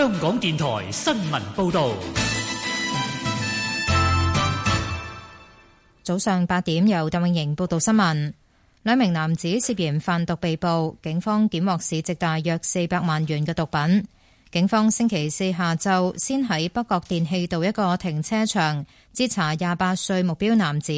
香港電台新聞報道，早上八點由鄧永盈報道新聞。兩名男子涉嫌販毒被捕，警方檢獲市值大約四百萬元嘅毒品。警方星期四下晝先喺北角電器道一個停車場截查廿八歲目標男子，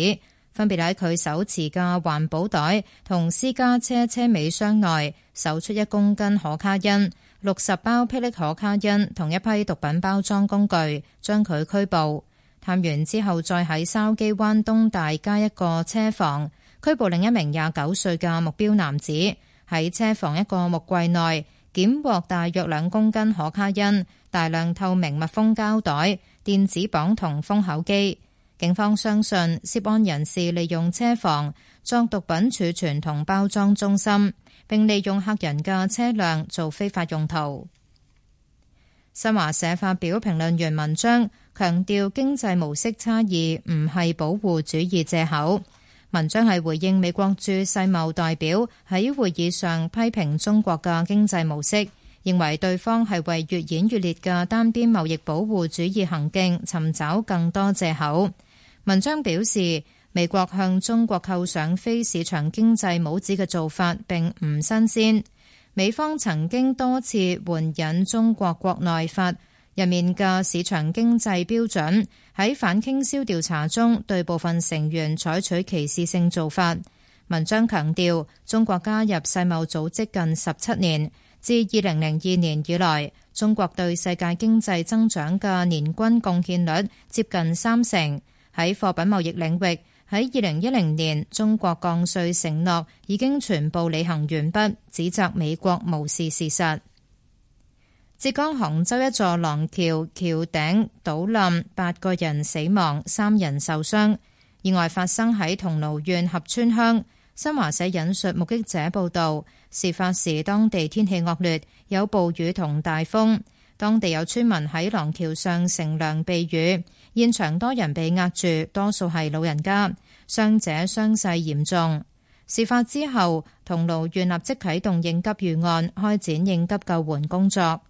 分別喺佢手持嘅環保袋同私家車車，車尾箱內搜出一公斤可卡因。六十包霹靂可卡因同一批毒品包裝工具，將佢拘捕。探完之後，再喺筲箕灣東大街一個車房拘捕另一名廿九歲嘅目標男子。喺車房一個木櫃內，檢獲大約兩公斤可卡因、大量透明密封膠袋、電子磅同封口機。警方相信涉案人士利用車房作毒品儲存同包裝中心。並利用客人嘅車輛做非法用途。新華社發表評論員文章，強調經濟模式差異唔係保護主義借口。文章係回應美國駐世貿代表喺會議上批評中國嘅經濟模式，認為對方係為越演越烈嘅單邊貿易保護主義行徑尋找更多借口。文章表示。美國向中國扣上非市場經濟帽子嘅做法，並唔新鮮。美方曾經多次援引中國國內法入面嘅市場經濟標準，喺反傾銷調查中對部分成員採取歧視性做法。文章強調，中國加入世貿組織近十七年，至二零零二年以來，中國對世界經濟增長嘅年均貢獻率接近三成，喺貨品貿易領域。喺二零一零年，中國降稅承諾已經全部履行完畢，指責美國無視事實。浙江杭州一座廊橋橋頂倒冧，八個人死亡，三人受傷。意外發生喺桐廬縣合川鄉。新華社引述目擊者報道，事發時當地天氣惡劣，有暴雨同大風。當地有村民喺廊橋上乘涼避雨，現場多人被壓住，多數係老人家，傷者傷勢嚴重。事發之後，桐廬縣立即啟動應急預案，開展應急救援工作。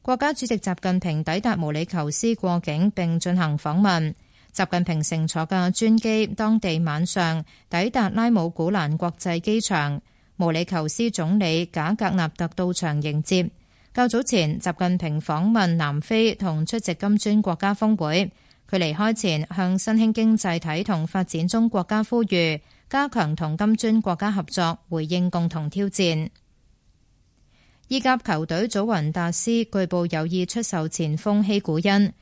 國家主席習近平抵達毛里求斯過境並進行訪問。習近平乘坐嘅專機，當地晚上抵達拉姆古蘭國際機場，毛里求斯總理賈格納特到場迎接。較早前，習近平訪問南非同出席金磚國家峰會。佢離開前，向新興經濟體同發展中國家呼籲加強同金磚國家合作，回應共同挑戰。意甲球隊祖雲達斯據報有意出售前鋒希古恩。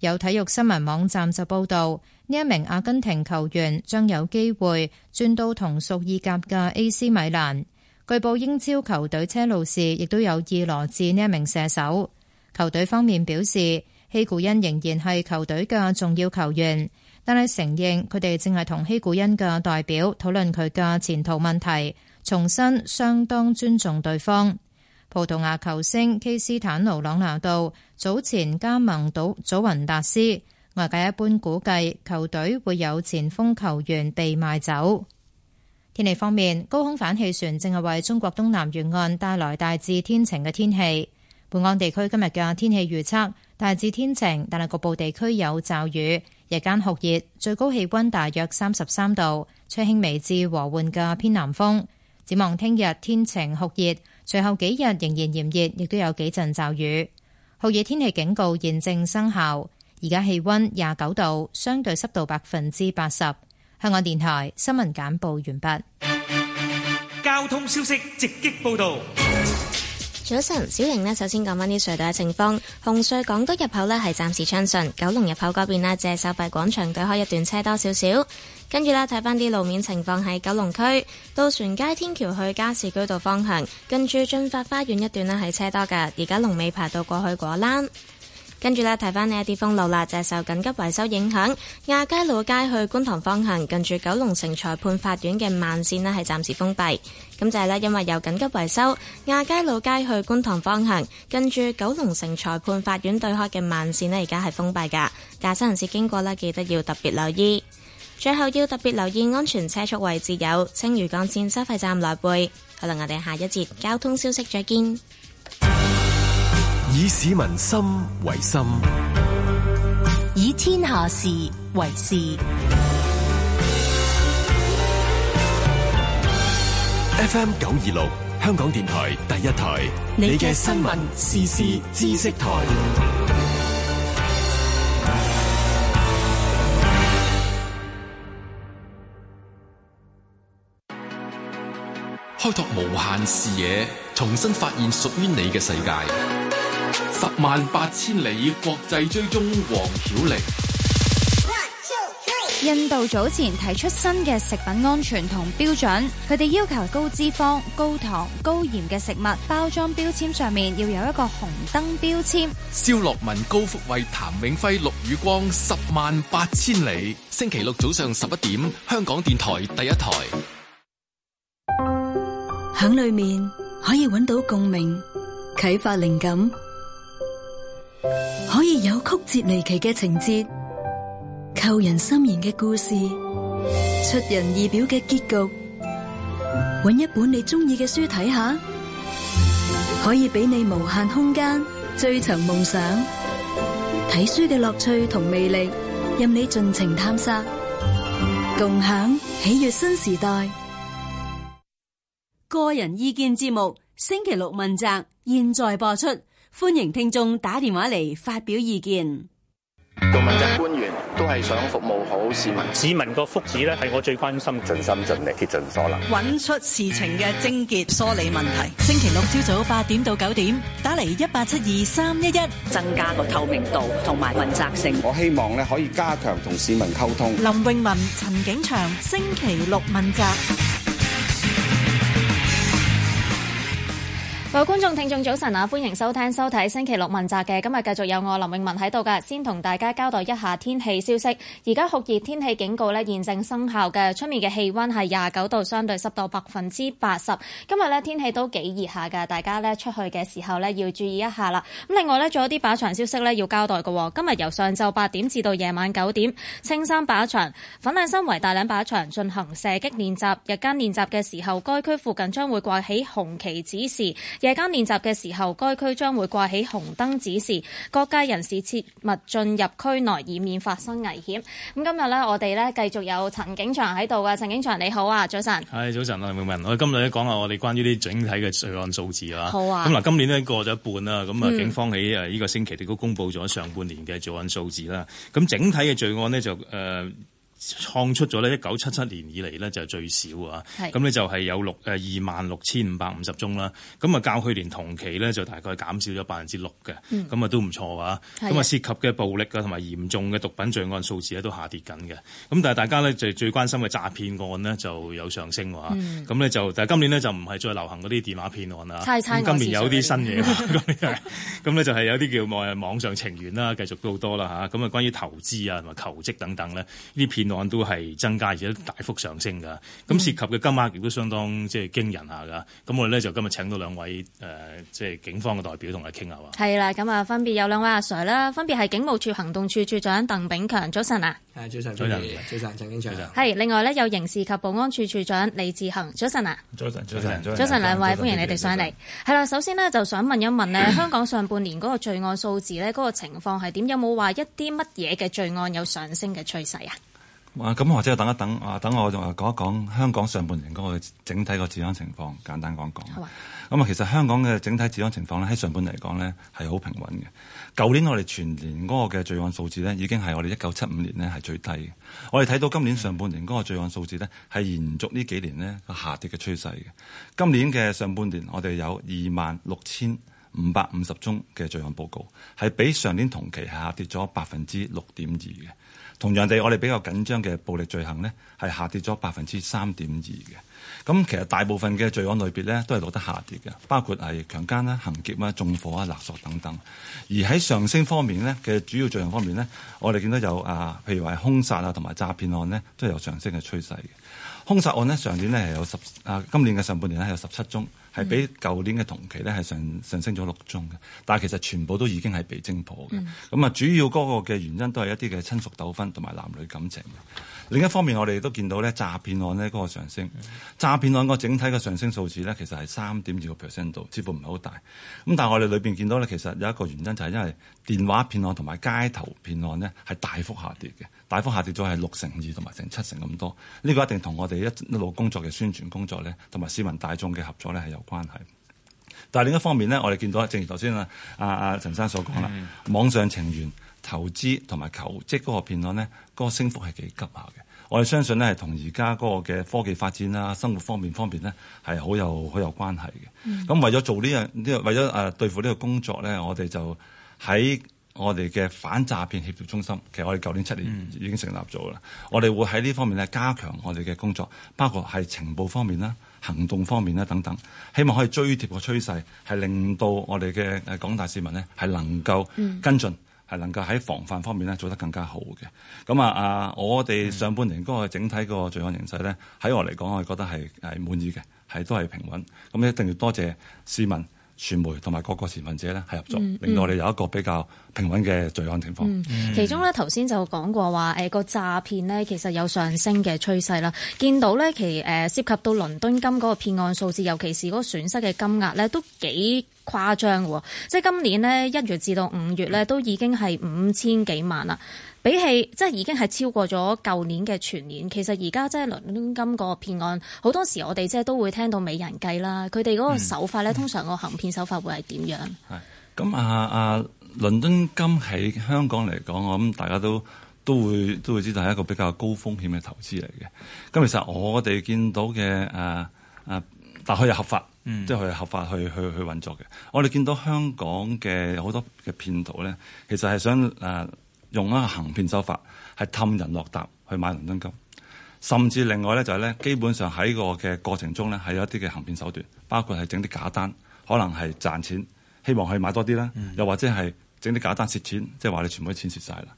有體育新聞網站就報道呢一名阿根廷球員將有機會轉到同屬意甲嘅 AC 米蘭。據報，英超球隊車路士亦都有意羅致呢一名射手。球隊方面表示，希古恩仍然係球隊嘅重要球員，但係承認佢哋正係同希古恩嘅代表討論佢嘅前途問題，重申相當尊重對方。葡萄牙球星基斯坦奴·朗拿度早前加盟到祖雲達斯，外界一般估計球隊會有前鋒球員被賣走。天氣方面，高空反氣旋正係為中國東南沿岸帶來大致天晴嘅天氣。本港地區今日嘅天氣預測大致天晴，但係局部地區有驟雨，日間酷熱，最高氣溫大約三十三度，吹輕微至和緩嘅偏南風。展望聽日天晴酷熱，隨後幾日仍然炎熱，亦都有幾陣驟雨。酷熱天氣警告現正生效。而家氣溫廿九度，相對濕度百分之八十。香港電台新聞簡報完畢。交通消息直擊報道。早晨，小瑩呢，首先講翻啲隧道嘅情況。紅隧港島入口呢，係暫時暢順，九龍入口嗰邊呢，即係收費廣場對開一段車多少少。跟住啦，睇翻啲路面情況喺九龍區渡船街天橋去加士居道方向，跟住駿發花園一段呢，係車多嘅，而家龍尾排到過去果欄。跟住呢，睇翻呢一啲封路啦，就係受緊急維修影響，亞皆老街去觀塘方向，近住九龍城裁判法院嘅慢線呢係暫時封閉。咁就係呢，因為有緊急維修，亞皆老街去觀塘方向，近住九龍城裁判法院對開嘅慢線呢而家係封閉噶，駕車人士經過呢，記得要特別留意。最後要特別留意安全車速位置有青嶼幹線收費站來背。好啦，我哋下一節交通消息再見。以市民心為心，以天下事為事。FM 九二六，香港電台第一台，你嘅新聞、時事、知識台。開拓無限視野，重新發現屬於你嘅世界。十萬八千里國際追蹤黃曉玲。One, two, 印度早前提出新嘅食品安全同標準，佢哋要求高脂肪、高糖、高鹽嘅食物包裝標籤上面要有一個紅燈標籤。肖樂文、高福慧、譚永輝、陸宇光，十萬八千里。星期六早上十一點，香港電台第一台。響裏面可以揾到共鳴，啟發靈感。可以有曲折離奇嘅情節、扣人心弦嘅故事、出人意表嘅結局，揾一本你中意嘅書睇下，可以俾你無限空間追尋夢想。睇書嘅樂趣同魅力，任你盡情探索，共享喜悅新時代。個人意見節目，星期六問責，現在播出。歡迎聽眾打電話嚟發表意見。做問責官員都係想服務好市民，市民個福祉咧係我最關心，盡心盡力竭盡所能，揾出事情嘅症結，梳理問題。星期六朝早八點到九點，打嚟一八七二三一一，增加個透明度同埋問責性。我希望咧可以加強同市民溝通。林穎文、陳景祥，星期六問責。各位觀眾、聽眾，早晨啊！歡迎收聽收睇星期六問責嘅，今日繼續有我林永文喺度㗎。先同大家交代一下天氣消息。而家酷熱天氣警告呢，現正生效嘅，出面嘅氣温係廿九度，相對濕度百分之八十。今日呢，天氣都幾熱下㗎，大家呢，出去嘅時候呢，要注意一下啦。咁另外呢，仲有啲靶場消息呢，要交代嘅。今日由上晝八點至到夜晚九點，青山靶場、粉嶺新圍大嶺靶場進行射擊練習。日間練習嘅時候，該區附近將會掛起紅旗指示。夜間練習嘅時候，該區將會掛起紅燈指示，各界人士切勿進入區內，以免發生危險。咁今日呢，我哋呢繼續有陳景祥喺度嘅，陳景祥你好啊，早晨。係，早晨，梁明文，我哋今日咧講下我哋關於啲整體嘅罪案數字啊。好啊。咁嗱，今年咧過咗一半啦，咁啊警方喺誒呢個星期亦都公布咗上半年嘅罪案數字啦。咁整體嘅罪案呢，就、呃、誒。創出咗咧，一九七七年以嚟咧就係最少啊！咁呢，就係有六誒二萬六千五百五十宗啦。咁啊，較去年同期咧就大概減少咗百分之六嘅。咁啊都唔錯啊！咁啊涉及嘅暴力啊，同埋嚴重嘅毒品罪案數字咧都下跌緊嘅。咁但係大家咧就最關心嘅詐騙案呢，就有上升喎。咁、嗯、咧就但係今年咧就唔係再流行嗰啲電話騙案啦。咁今年有啲新嘢啊！咁 咧 就係有啲叫網上情緣啦，繼續都好多啦嚇。咁啊關於投資啊同埋求職等等咧，呢案都係增加，而且大幅上升噶，咁涉及嘅金額亦都相當即係驚人下噶。咁我哋咧就今日請到兩位誒，即係警方嘅代表同我傾下。係啦，咁啊，分別有兩位阿 Sir 啦，分別係警務處行動處處長鄧炳強，早晨啊。早晨，早晨，早晨，早晨。係另外呢，有刑事及保安處處長李志恒，早晨啊。早晨，早晨，早晨，早晨，兩位歡迎你哋上嚟，係啦。首先呢，就想問一問呢，香港上半年嗰個罪案數字呢，嗰個情況係點？有冇話一啲乜嘢嘅罪案有上升嘅趨勢啊？啊！咁或者等一等啊，等我仲講一講香港上半年嗰個整體個治安情況，簡單講講。好啊。咁啊，其實香港嘅整體治安情況咧，喺上半年嚟講咧，係好平穩嘅。舊年我哋全年嗰個嘅罪案數字咧，已經係我哋一九七五年咧係最低嘅。我哋睇到今年上半年嗰個罪案數字咧，係延續呢幾年咧個下跌嘅趨勢嘅。今年嘅上半年我哋有二萬六千五百五十宗嘅罪案報告係比上年同期下跌咗百分之六點二嘅，同樣地，我哋比較緊張嘅暴力罪行呢係下跌咗百分之三點二嘅。咁其實大部分嘅罪案類別呢都係錄得下跌嘅，包括係強姦啦、行劫啦、縱火啊、勒索等等。而喺上升方面呢，其實主要罪行方面呢，我哋見到有啊，譬如話係兇殺啊，同埋詐騙案呢，都係有上升嘅趨勢嘅。兇殺案咧上年咧係有十啊，今年嘅上半年咧係有十七宗，係、嗯、比舊年嘅同期咧係上上升咗六宗嘅。但係其實全部都已經係被偵破嘅。咁、嗯、啊，主要嗰個嘅原因都係一啲嘅親屬糾紛同埋男女感情。另一方面，我哋都見到呢詐騙案呢嗰個上升，詐騙案嗰個整體嘅上升數字呢，其實係三點二個 percent 度，似乎唔係好大。咁但係我哋裏邊見到呢，其實有一個原因就係、是、因為電話騙案同埋街頭騙案呢係大幅下跌嘅。大幅下跌咗係六成二同埋成七成咁多，呢、呢個一定同我哋一路工作嘅宣傳工作咧，同埋市民大眾嘅合作咧係有關係。但係另一方面呢，我哋見到正如頭先啊，阿、啊、阿陳生所講啦、嗯，網上情緣投資同埋求職嗰個片段呢，嗰、嗰個升幅係幾急下嘅。我哋相信呢係同而家嗰個嘅科技發展啊，生活方面方面呢係好有好有關係嘅。咁、嗯、為咗做呢樣呢個，為咗誒對付呢個工作咧，我哋就喺我哋嘅反詐騙協調中心，其實我哋舊年七年已經成立咗啦、嗯。我哋會喺呢方面咧加強我哋嘅工作，包括係情報方面啦、行動方面啦等等，希望可以追貼個趨勢，係令到我哋嘅誒廣大市民呢係能夠跟進，係、嗯、能夠喺防範方面咧做得更加好嘅。咁啊啊，我哋上半年嗰個整體個罪案形勢咧，喺、嗯、我嚟講，我哋覺得係係滿意嘅，係都係平穩。咁一定要多謝市民。傳媒同埋各個持份者呢係合作，令到我哋有一個比較平穩嘅罪案情況。嗯，其中呢頭先就講過話誒個詐騙呢其實有上升嘅趨勢啦，見到呢，其誒涉及到倫敦金嗰個騙案數字，尤其是嗰個損失嘅金額呢，都幾。誇張，即係今年呢，一月至到五月呢，都已經係五千幾萬啦，比起即係已經係超過咗舊年嘅全年。其實而家即係倫敦金嗰個騙案，好多時我哋即係都會聽到美人計啦。佢哋嗰個手法呢、嗯，通常個行騙手法會係點樣？係咁啊，啊！倫敦金喺香港嚟講，我諗大家都都會都會知道係一個比較高風險嘅投資嚟嘅。咁其實我哋見到嘅誒誒，大概有合法。嗯、即係佢合法去去去運作嘅。我哋見到香港嘅好多嘅騙徒咧，其實係想誒用一個行騙手法，係氹人落搭去買倫敦金。甚至另外咧就係咧，基本上喺個嘅過程中咧係有一啲嘅行騙手段，包括係整啲假單，可能係賺錢，希望去買多啲啦、嗯。又或者係整啲假單蝕錢，即係話你全部啲錢蝕晒啦。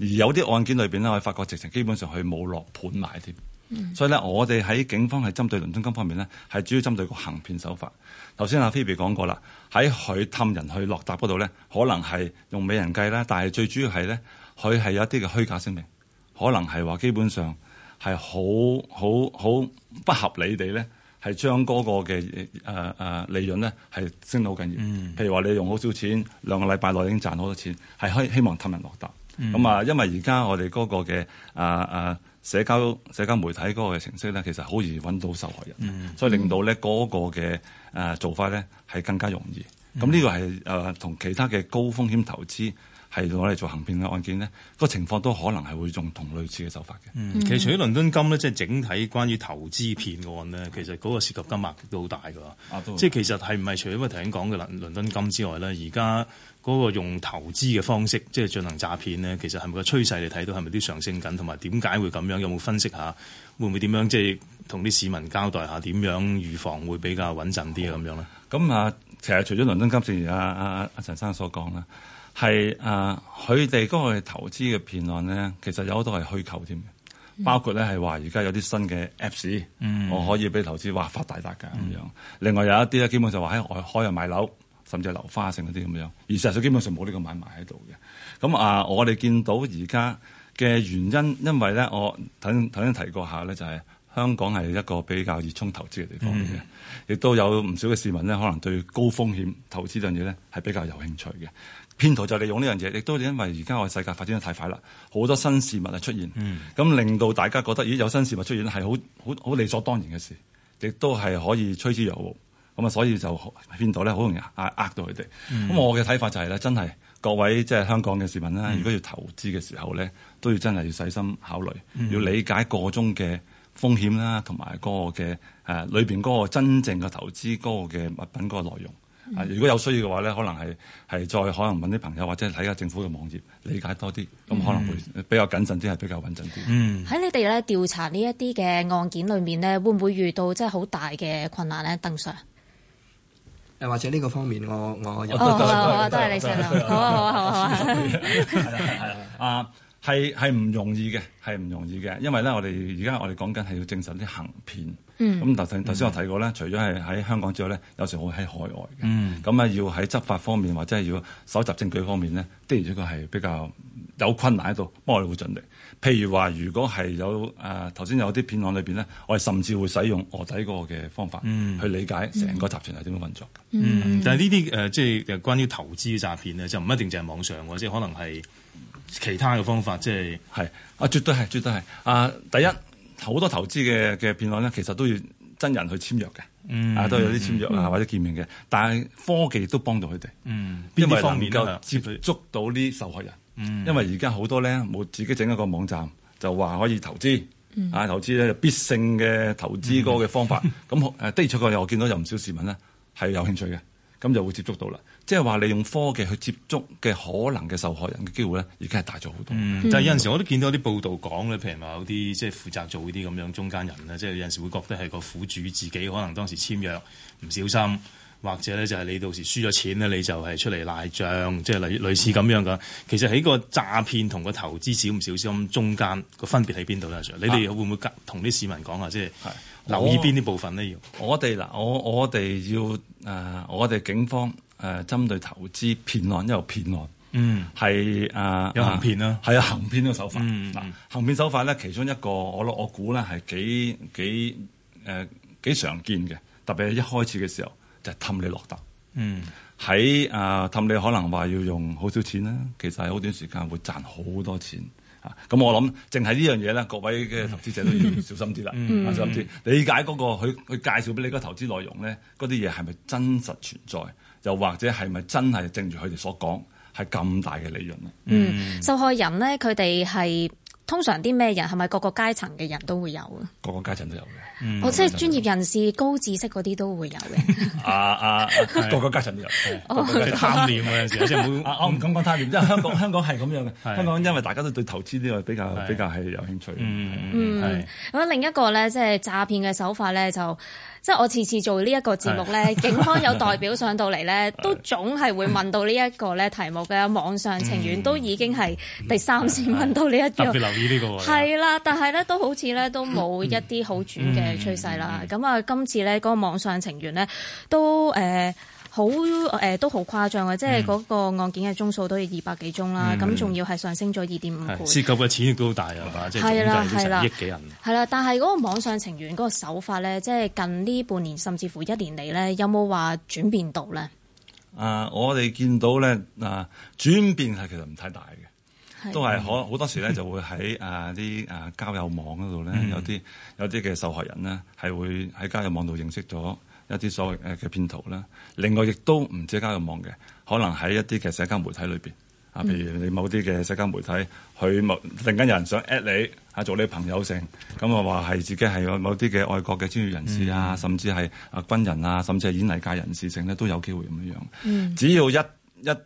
而有啲案件裏面咧，我哋發覺直情基本上佢冇落盤買添。 所以咧，我哋喺警方係針對倫敦金方面咧，係主要針對個行騙手法。頭先阿 Phoebe 講過啦，喺佢氹人去落沓嗰度咧，可能係用美人計啦，但係最主要係咧，佢係有一啲嘅虛假聲明，可能係話基本上係好好好不合理地咧，係將嗰個嘅誒誒利潤咧係升到好緊要。嗯、譬如話你用好少錢，兩個禮拜內已經賺好多錢，係希希望氹人落沓。咁啊，因為而家我哋嗰個嘅啊、呃社交社交媒體嗰個程式咧，其實好易揾到受害人，嗯、所以令到咧嗰個嘅誒做法咧係更加容易。咁呢個係誒同其他嘅高風險投資，係攞嚟做行騙嘅案件咧，個情況都可能係會用同類似嘅手法嘅、嗯。其實除咗倫敦金咧，即係整體關於投資騙案咧，其實嗰個涉及金額都好大噶、啊。即係其實係唔係除咗頭先講嘅倫敦金之外咧，而家嗰個用投資嘅方式即係進行詐騙咧，其實係咪個趨勢你睇到係咪都上升緊？同埋點解會咁樣？有冇分析下會唔會點樣？即係同啲市民交代下點樣預防會比較穩陣啲啊？咁樣咧，咁啊，其實除咗倫敦金，正如阿阿陳生所講啦。係啊！佢哋嗰個投資嘅騙案咧，其實有好多係虛構添嘅、嗯，包括咧係話而家有啲新嘅 Apps、嗯、我可以俾投資，哇發大達㗎咁樣。另外有一啲咧，基本上話喺外開啊買樓，甚至樓花城嗰啲咁樣，而實際上基本上冇呢個買賣喺度嘅。咁啊，我哋見到而家嘅原因，因為咧我頭頭先提過下咧，就係、是、香港係一個比較熱衷投資嘅地方嚟嘅，亦、嗯、都有唔少嘅市民咧，可能對高風險投資陣嘢咧係比較有興趣嘅。騙徒就利用呢樣嘢，亦都因為而家我哋世界發展得太快啦，好多新事物啊出現，咁令到大家覺得咦，有新事物出現係好好好理所當然嘅事，亦都係可以趨之若鶩，咁啊所以就騙徒咧好容易呃到佢哋。咁、嗯、我嘅睇法就係、是、咧，真係各位即係香港嘅市民啦、嗯，如果要投資嘅時候咧，都要真係要細心考慮，嗯、要理解個中嘅風險啦，同埋嗰個嘅誒裏面嗰個真正嘅投資嗰、那個嘅物品嗰、那個內容。如果有需要嘅話咧，可能係再可能揾啲朋友，或者睇下政府嘅網頁，理解多啲，咁、嗯、可能會比較謹慎啲，係比較穩陣啲。嗯，喺你哋咧調查呢一啲嘅案件裏面咧，會唔會遇到即係好大嘅困難咧？鄧 Sir。或者呢個方面我，我有我有好都都都都係你先啦。好啊好啊好，好，好，你你好，好，好，好，好啊。啊啊啊！ 係係唔容易嘅，係唔容易嘅，因為咧，我哋而家我哋講緊係要證實啲行騙。嗯。咁頭頭先我提過咧、嗯，除咗係喺香港之外咧，有時候會喺海外嘅。嗯。咁啊，要喺執法方面或者係要搜集證據方面咧，的而且確係比較有困難喺度，不過我哋會盡力。譬如話，如果係有誒頭先有啲騙案裏邊咧，我哋甚至會使用臥底個嘅方法、嗯、去理解成個集團係點樣運作。嗯。嗯嗯但係呢啲誒即係關於投資嘅詐騙咧，就唔一定淨係網上喎，即、就、係、是、可能係。其他嘅方法，即係係啊，絕對係，絕對係啊！第一好多投資嘅嘅騙案咧，其實都要真人去簽約嘅，嗯，啊、都有啲簽約啊、嗯、或者見面嘅，但係科技都幫到佢哋，嗯，邊啲方面啊？夠接觸到啲受害人，嗯、因為而家好多咧冇自己整一個網站，就話可以投資，啊投資咧必勝嘅投資嗰個方法，咁、嗯、誒、嗯、 的確，我見到有唔少市民咧係有興趣嘅，咁就會接觸到啦。即係話利用科技去接觸嘅可能嘅受害人嘅機會咧，而家係大咗好多。但、嗯、係、就是、有陣時候我都見到啲報道講咧，譬如話有啲即係負責做呢啲咁樣中間人咧，即、就、係、是、有陣時候會覺得係個苦主自己可能當時簽約唔小心，或者咧就係你到時輸咗錢咧，你就係出嚟賴帳，即係類類似咁樣㗎、嗯。其實喺個詐騙同個投資少唔少心中間個分別喺邊度咧？你哋會唔會同啲市民講啊？即、就、係、是、留意邊啲部分咧？要我哋嗱，我我哋要。誒、呃，我哋警方誒、呃、針對投資騙案一路騙案，嗯，係誒、呃、有行騙啦、啊，係、嗯、有行騙嘅手法，嗯，嗯行騙手法咧，其中一個我我估咧係幾幾誒、呃、幾常見嘅，特別係一開始嘅時候就氹、是、你落搭，嗯，喺誒氹你可能話要用好少錢啦，其實係好短時間會賺好多錢。啊、嗯！咁我諗，淨係呢樣嘢咧，各位嘅投資者都要小心啲啦、嗯嗯，小心啲理解嗰、嗰個佢佢介紹俾你嘅投資內容咧，嗰啲嘢係咪真實存在？又或者係咪真係正如佢哋所講係咁大嘅利潤嗯，受害人咧，佢哋係。通常啲咩人？係咪個個階層嘅人都會有啊？個個階層都有嘅、嗯，哦，即係專業人士、高知識嗰啲都會有嘅。啊啊，個 個階層都有，都有哦、貪念、啊有時候啊有嗯、我唔敢講貪念，因為香港香港係咁樣嘅。香港因為大家都對投資呢個比較比較係有興趣。嗯嗯咁另一個咧，即、就、係、是、詐騙嘅手法咧，就即、是、係我次次做呢一個節目咧，警方有代表上到嚟咧，都總係會問到呢一個咧題目嘅網上情緣都已經係第三次問到呢、這、一個。係、這、啦、個，但係咧都好似咧都冇一啲好轉嘅趨勢啦。咁、嗯、啊、嗯嗯嗯嗯，今次咧嗰個網上情緣咧都誒好誒都好誇張嘅，即係嗰個案件嘅宗數都、嗯嗯、要二百幾宗啦。咁仲要係上升咗二點五倍，涉及嘅錢亦都好大啊，係嘛？係啦，係啦，億幾銀係啦，但係嗰個網上情緣嗰個手法咧，即、就、係、是、近呢半年甚至乎一年嚟咧，有冇話轉變到咧？啊，我哋見到咧嗱，轉、啊、變係其實唔太大。都係可好多時咧，就會喺啊啲啊交友網嗰度咧，有啲有啲嘅受害人咧，係會喺交友網度認識咗一啲所謂嘅騙徒啦。另外亦都唔知交友網嘅，可能喺一啲嘅社交媒體裏邊啊，譬如你某啲嘅社交媒體佢突然間有人想 at 你啊，做你朋友性，咁啊話係自己係有某啲嘅外國嘅專業人士啊，甚至係啊軍人啊，甚至係演藝界人士性咧，都有機會咁樣樣。只要一一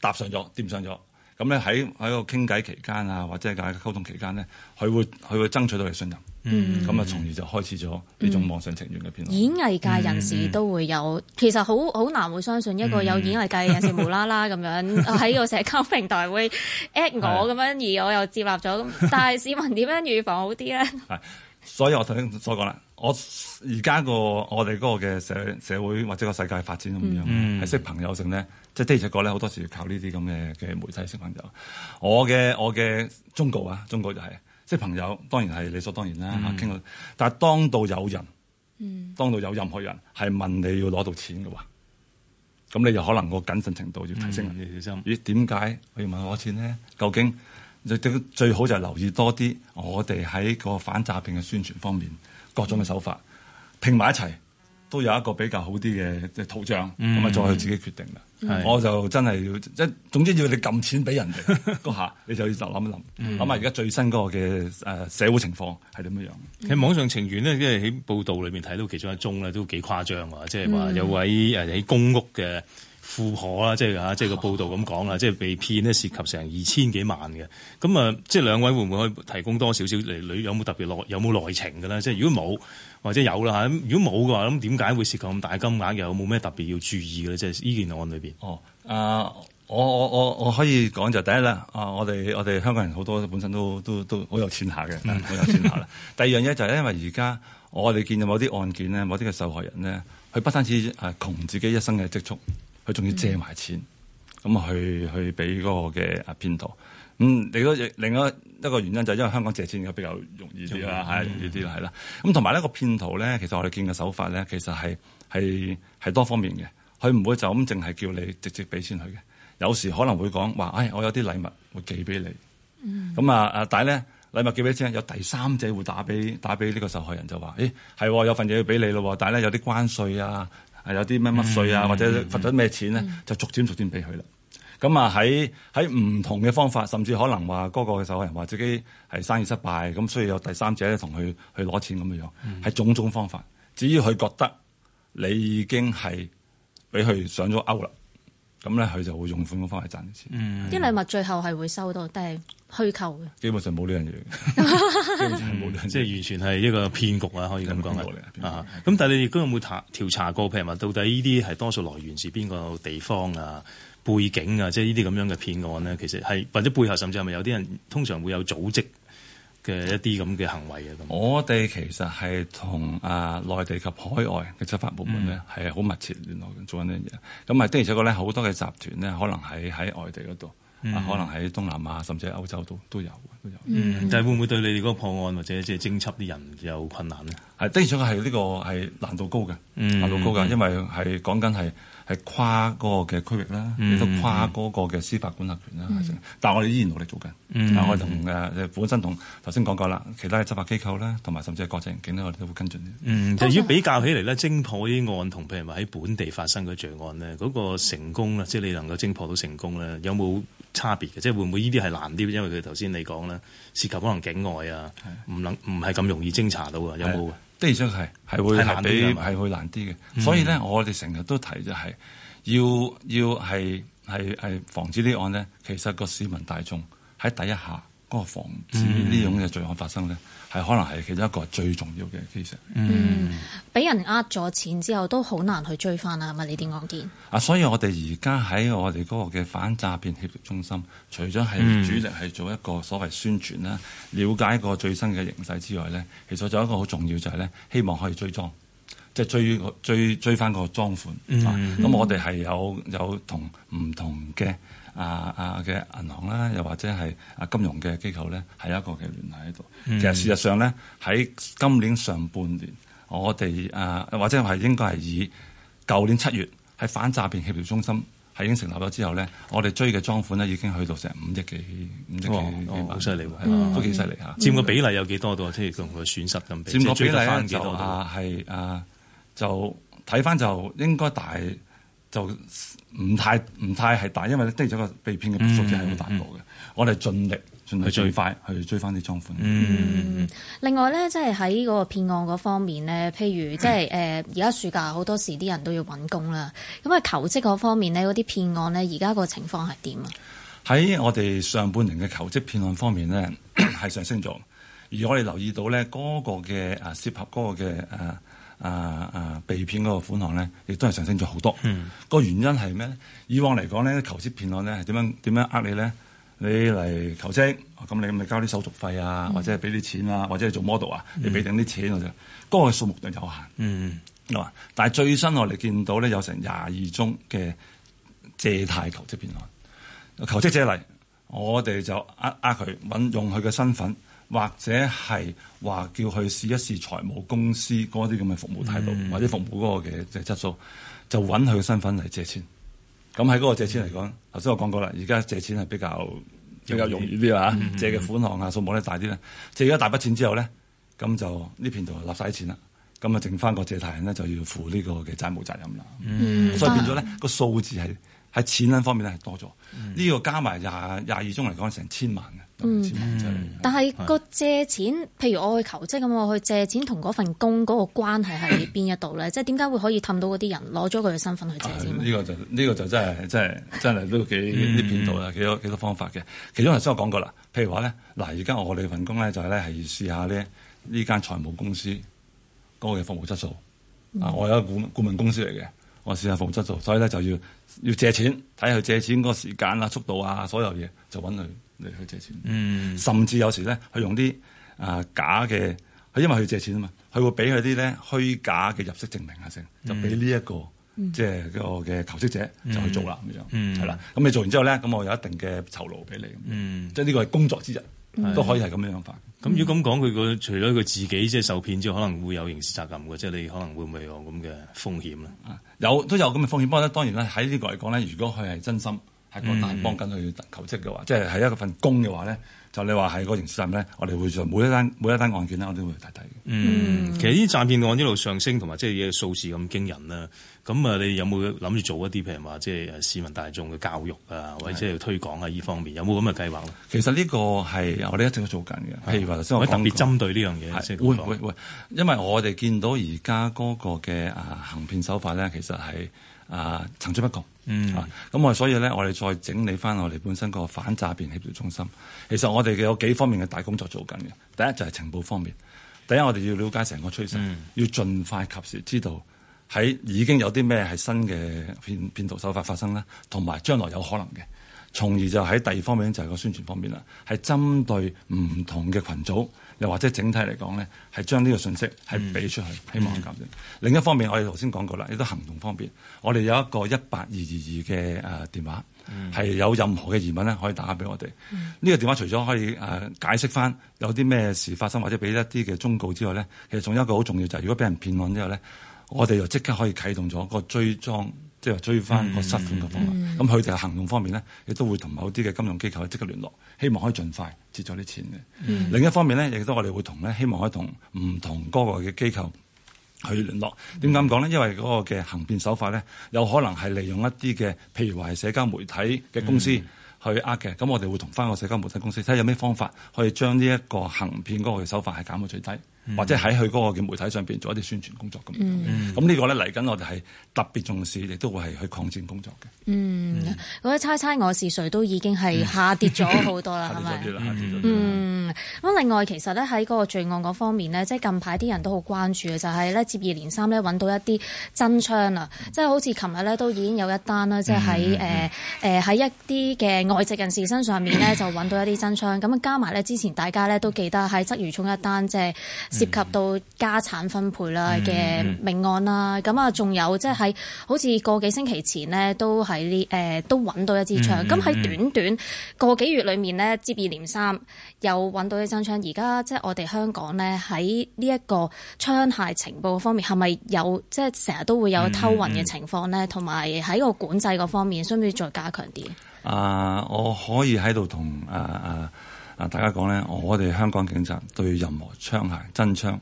搭上咗，掂上咗。咁咧喺喺個傾偈期間啊，或者係大家溝通期間咧，佢會佢會爭取到你信任，嗯，咁啊從而就開始咗呢種網上情緣嘅片、嗯嗯嗯、演藝界人士都會有，其實好好難會相信一個有演藝界人士無啦啦咁樣喺個社交平台會 at 我咁樣，而我又接納咗。但係市民點樣預防好啲咧？係，所以我頭先所講啦。我而家個我哋嗰個嘅社社會或者個世界發展咁樣，係、嗯、識朋友性咧，即係第二個咧，好多時靠呢啲咁嘅嘅媒體識朋友。我嘅我嘅忠告啊，忠告就係、是，即朋友當然係理所當然啦，傾、嗯、到。但係當到有人、嗯，當到有任何人係問你要攞到錢嘅話，咁你就可能個謹慎程度要提升，要、嗯、小心。咦？點解我要問我攞錢咧？究竟最最好就係留意多啲，我哋喺個反詐騙嘅宣傳方面。各種嘅手法拼埋一齊，都有一個比較好啲嘅即係圖像，咁、嗯、啊再去自己決定啦。我就真係要即係總之要你撳錢俾人哋嗰 下，你就要就諗一諗，諗下而家最新嗰個嘅社會情況係點樣樣。喺、嗯、網上情緣咧，即係喺報道裏面睇到其中一宗咧，都幾誇張啊！即係話有位喺公屋嘅。富婆啦，即係吓，即係個報道咁講啦，即係被騙咧，涉及成二千幾萬嘅。咁啊，即係兩位會唔會可以提供多少少嚟？有冇特別內有冇內情嘅啦？即係如果冇或者有啦吓。如果冇嘅話，咁點解會涉及咁大金額嘅？有冇咩特別要注意嘅咧？即係呢件案裏邊哦。啊，我我我我可以講就第一啦。啊，我哋我哋香港人好多本身都都都好有錢下嘅，好、嗯、有錢下啦。 第二樣嘢就係因為而家我哋見到某啲案件咧，某啲嘅受害人咧，佢不單止啊窮自己一生嘅積蓄。佢仲要借埋錢，咁、嗯、啊去去俾嗰個嘅啊騙徒。咁你嗰另一一個原因就係因為香港借錢比較容易啲啦，係容易啲啦，係啦。咁同埋呢個騙徒咧，其實我哋見嘅手法咧，其實係係係多方面嘅。佢唔會就咁淨係叫你直接俾錢佢嘅。有時可能會講話，唉，我有啲禮物會寄俾你。咁啊啊，但係咧禮物寄俾先，有第三者會打俾打俾呢個受害人就話，誒、欸、係、哦、有份嘢要俾你咯，但係咧有啲關稅啊。係有啲乜乜稅啊、嗯，或者罰咗咩錢咧、嗯，就逐漸逐漸俾佢啦。咁啊喺喺唔同嘅方法，甚至可能話嗰個受害人話自己係生意失敗，咁所以有第三者咧同佢去攞錢咁嘅樣，係、嗯、種種方法，只要佢覺得你已經係俾佢上咗鈎啦。咁咧，佢就會用款嗰方嚟賺錢。嗯，啲禮物最後係會收到，但係虛構嘅。基本上冇呢樣嘢嘅，即 係、 嗯就是、完全係一個騙局啊！可以咁講。咁但係你亦都有冇查調查過，譬如話到底呢啲係多數來源自邊個地方啊、背景啊，即係呢啲咁樣嘅騙案咧，其實係或者背後甚至係咪有啲人通常會有組織？嘅一啲咁嘅行為啊，咁我哋其實係同啊內地及海外嘅執法部門咧係好密切聯絡嘅，做緊呢樣嘢。咁啊，的而且確咧，好多嘅集團咧、嗯啊，可能喺喺外地嗰度，啊可能喺東南亞甚至係歐洲都都有，都有。嗯，但係、嗯、會唔會對你哋嗰個破案或者即係偵緝啲人有困難咧？係的而且確係呢個係難度高嘅，嗯、難度高嘅，因為係講緊係。係跨嗰個嘅區域啦，亦都跨嗰個嘅司法管轄權啦、嗯。但我哋依然努力做緊。嗯、但我哋同誒本身同頭先講過啦，其他嘅執法機構啦，同埋甚至係國際刑警咧，我哋都會跟進。嗯，就如果比較起嚟咧，偵破呢啲案同譬如話喺本地發生嘅罪案咧，嗰、嗰個成功啦，即係你能夠偵破到成功咧，有冇差別嘅？即係會唔會呢啲係難啲？因為佢頭先你講啦，涉及可能境外啊，唔能唔係咁容易偵查到啊？有冇？的而且係係會難啲，係比會難啲嘅。嗯、所以咧，我哋成日都提就係要要係係係防止呢案咧，其實個市民大眾喺第一下嗰個防止呢種嘅罪案發生咧。嗯嗯係可能係其中一個最重要嘅，其、mm. 實嗯，俾人呃咗錢之後都好難去追翻啊。係咪？你點講見？啊，所以我哋而家喺我哋嗰個嘅反詐騙協力中心，除咗係主力係做一個所謂宣傳啦，mm. 了解一個最新嘅形勢之外咧，其實仲有一個好重要就係咧，希望可以追贓，即、就、係、是、追追追翻個贓款。咁、mm. 啊、我哋係有有不同唔同嘅。啊啊嘅銀行啦，又或者係啊金融嘅機構咧，係一個嘅聯繫喺度、嗯。其實事實上咧，喺今年上半年，我哋啊或者係應該係以舊年七月喺反詐騙協調中心係已經成立咗之後咧，我哋追嘅贓款咧已經去到成五億幾五億幾萬。好犀利喎，都幾犀利嚇！佔個比例有幾多到？即係同個損失咁比。佔個比例就係啊，啊，就睇翻就應該大就。唔太唔太係大，因為呢都係個被騙嘅數字係好大個嘅、嗯嗯。我哋盡力盡力最快去追翻啲贓款。嗯，另外咧，即係喺個個騙案嗰方面咧，譬如即係誒而家暑假好多時啲人都要揾工啦。咁啊，求職嗰方面咧，嗰啲騙案咧，而家個情況係點啊？喺我哋上半年嘅求職騙案方面咧，係上升咗。而我哋留意到咧，嗰、那個嘅啊，涉及嗰個嘅誒。啊啊啊！被騙嗰個款項咧，亦都係上升咗好多。嗯個原因係咩？以往嚟講咧，求職騙案咧係點樣點樣呃你咧？你嚟求職，咁你咪交啲手續費啊，嗯、或者係俾啲錢啊，或者係做 model 啊，你俾定啲錢我、啊、就。嗰、嗯個數目有限。嗱、嗯，但係最新我哋見到咧，有成廿二宗嘅借貸求職騙案。求職者嚟，我哋就呃呃佢搵用佢嘅身份。或者係話叫佢試一試財務公司嗰啲咁嘅服務態度，嗯、或者服務嗰個嘅即係質素，就揾佢嘅身份嚟借錢。咁喺嗰個借錢嚟講，頭、嗯、先我講過啦，而家借錢係比較比較容易啲啊、嗯，借嘅款項啊數目咧大啲啦、嗯。借咗一大筆錢之後咧，咁就呢邊就擸晒啲錢啦，咁啊剩翻個借貸人咧就要負呢個嘅債務責任啦、嗯。所以變咗咧、啊個數字係喺錢銀方面咧係多咗。呢、嗯呢個加埋廿廿二宗嚟講成千萬。嗯，就是、但係個借錢，譬如我去求職咁，我去借錢同嗰份工嗰個關係喺邊一度咧？即係點解會可以氹到嗰啲人攞咗佢嘅身份去借錢呢、啊呢個就呢、呢個就真係真係真係都幾啲騙到幾多方法嘅。其中頭先我講過啦，譬如話咧嗱，而家我哋份工咧就係咧係試下咧呢間財務公司嗰個服務質素、嗯、我有一個顧顧問公司嚟嘅，我試下服務質素，所以咧就要要借錢睇下借錢嗰個時間啊、速度啊、所有嘢就揾佢。去借錢、嗯，甚至有時咧，佢用啲啊假嘅，因為佢借錢啊嘛，佢會俾佢啲咧虛假嘅入息證明啊，先、嗯，就俾呢一個即係嗰個嘅求職者就去做啦咁樣，係、嗯、啦。咁、嗯、你做完之後咧，咁我有一定嘅酬勞俾你，嗯、即係呢個係工作之日都可以係咁樣法。咁如果咁講，佢個除咗佢自己即係受騙之後，可能會有刑事責任嘅，即係你可能會唔會有咁嘅風險咧？有都有咁嘅風險，不過當當然呢，喺呢個嚟講咧，如果佢係真心。喺個大幫緊佢求職嘅話，嗯、即係喺一個份工嘅話咧，就你話係個刑事站咧，我哋會每一單每一單案件咧，我都會睇睇嗯、嗯，其實呢啲詐騙案一路上升，同埋即係嘅數字咁驚人啦。咁啊，你有冇諗住做一啲譬如話，即係市民大眾嘅教育啊，或者即係推廣啊呢方面，有冇咁嘅計劃咧？其實呢個係我哋一直都做緊嘅。譬如頭先我講，我特別針對呢樣嘢。會會會，因為我哋見到而家嗰個嘅誒行騙手法咧，其實係啊層出不窮。嗯咁我、嗯、所以咧，我哋再整理翻我哋本身個反詐騙協調中心。其實我哋嘅有幾方面嘅大工作做緊嘅。第一就係、是、情報方面，第一我哋要了解成個趨勢、嗯，要盡快及時知道喺已經有啲咩係新嘅騙騙徒手法發生啦，同埋將來有可能嘅，從而就喺第二方面就係、是、個宣傳方面啦，係針對唔同嘅群組，又或者整體嚟講咧，係將呢個信息係俾出去，嗯、希望咁樣。另一方面，我哋頭先講過啦，亦都行動方面，我哋有一個一八二二二嘅誒電話，係、嗯、有任何嘅疑問咧，可以打下俾我哋。呢、嗯這個電話除咗可以誒解釋翻有啲咩事發生，或者俾一啲嘅忠告之外咧，其實仲有一個好重要就係、是，如果俾人騙案之後咧，我哋又即刻可以啟動咗個追贓。即係追翻個失款嘅方法，咁佢哋嘅行動方面咧，亦都會同某啲嘅金融機構即刻聯絡，希望可以盡快接咗啲錢嘅、嗯。另一方面咧，亦都我哋會同咧，希望可以同唔同嗰個嘅機構去聯絡。點解咁講咧？因為嗰個嘅行騙手法咧，有可能係利用一啲嘅，譬如話係社交媒體嘅公司去呃嘅。咁、嗯、我哋會同翻個社交媒體公司睇下有咩方法可以將呢一個行騙嗰個嘅手法係減到最低。或者喺佢嗰個嘅媒體上面做一啲宣傳工作，咁、嗯、咁呢個咧嚟緊我哋係特別重視，亦都會係去抗戰工作嘅。嗯、咁、嗯、猜猜我是誰都已經係下跌咗好多啦，係咪？ 下跌咗、嗯、下跌咗嗯，咁另外其實咧喺個個罪案嗰方面呢，即係近排啲人都好關注嘅，就係、是、呢接二連三呢，揾到一啲真槍啦，即係好似琴日呢，都已經有一單啦，即係喺喺一啲嘅外籍人士身上面呢，就揾到一啲真槍，咁加埋呢，之前大家呢都記得喺鰂魚涌一單即、就是涉及到家產分配啦嘅命案啦，咁啊仲有即係喺好似個幾星期前呢都喺呢誒都揾到一支槍。咁、嗯、喺、嗯嗯、短短個幾月裏面呢，接二連三又揾到一支槍。而家即係我哋香港呢，喺呢一個槍械情報方面，係咪有即係成日都會有偷運嘅情況呢？同埋喺個管制嗰方面，需唔需要再加強啲？啊，我可以喺度同啊～啊啊、大家講咧，我哋香港警察對任何槍械、真槍、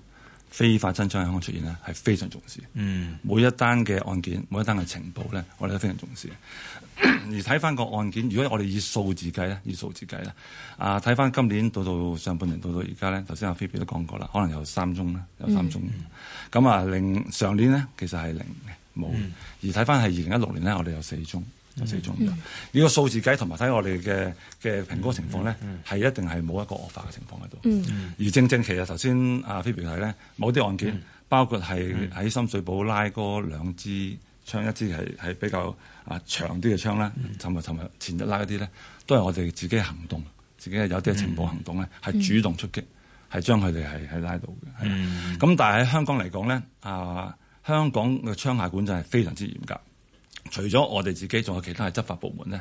非法真槍嘅出現咧，係非常重視。嗯，每一單嘅案件，每一單嘅情報咧，我哋都非常重視、嗯。而睇翻個案件，如果我哋以數字計咧，以數字計啦。啊，睇翻今年到到上半年、嗯、到到而家咧，頭先阿菲比都講過啦，可能有三宗啦，有三宗。咁、嗯、啊，零上年咧，其實係零嘅冇、嗯。而睇翻係二零一六年咧，我哋有四宗。四宗嘅呢個數字計同埋睇我哋嘅嘅評估情況咧，係、嗯嗯、一定係冇一個惡化嘅情況喺度。而正正其實頭先阿菲比提咧，某啲案件、嗯、包括係喺深水埗拉嗰兩支槍，一支係係比較啊長啲嘅槍啦。尋日尋日前一拉嗰啲咧，都係我哋自己行動，自己有啲嘅情報行動咧，係、嗯、主動出擊，係將佢哋係係拉到嘅。咁、嗯、但係喺香港嚟講咧，啊香港嘅槍械管制係非常之嚴格。除咗我哋自己，仲有其他嘅執法部門咧，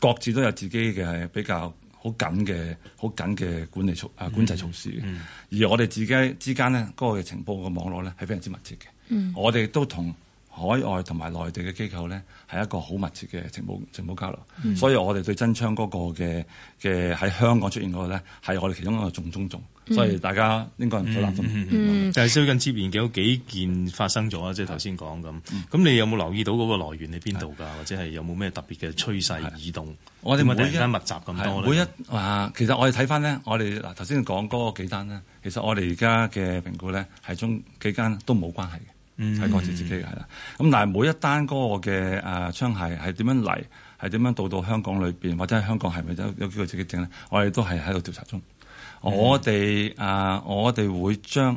各自都有自己嘅比較好緊嘅好緊嘅管理措啊管制措施嘅。Mm-hmm. 而我哋自己之間咧，嗰個嘅情報嘅網絡咧，係非常之密切嘅。Mm-hmm. 我哋都同海外同埋內地嘅機構咧，係一個好密切嘅情報情報交流。Mm-hmm. 所以我哋對真槍嗰個嘅嘅喺香港出現嗰個咧，係我哋其中一個重中之重。所以大家應該好難分。但係最近接連有幾件發生咗即係頭先講咁。咁、就是嗯、你有冇留意到嗰個來源喺邊度㗎？或者係有冇咩特別嘅趨勢移動？我哋每一間密集咁多每一啊、呃，其實我哋睇翻呢，我哋嗱頭先講嗰個幾單咧。其實我哋而家嘅評估呢，係中幾間都冇關係嘅，係各自自己嘅係啦。咁但係每一單嗰個嘅啊，槍械係點樣嚟？係點樣到到香港裏邊？或者喺香港係咪有有幾個自己整呢？我哋都係喺度調查中。我哋啊，我哋會將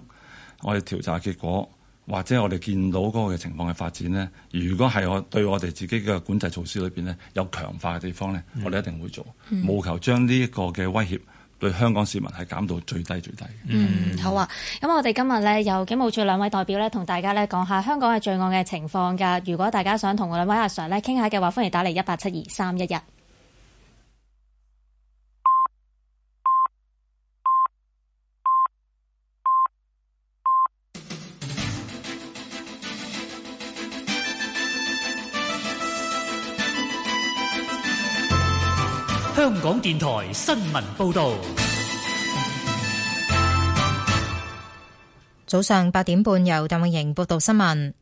我哋調查結果，或者我哋見到嗰個嘅情況嘅發展咧，如果係我對我哋自己嘅管制措施裏邊咧有強化嘅地方咧，嗯、我哋一定會做，務求將呢個嘅威脅對香港市民係減到最低最低。嗯，是好啊。咁我哋今日咧由警務處兩位代表咧，同大家咧講下香港嘅罪案嘅情況㗎。如果大家想同我兩位阿 Sir 咧傾下嘅話，歡迎打嚟一八七二三一一。香港電台新聞報道，早上八點半由鄧穎瑩報道新聞。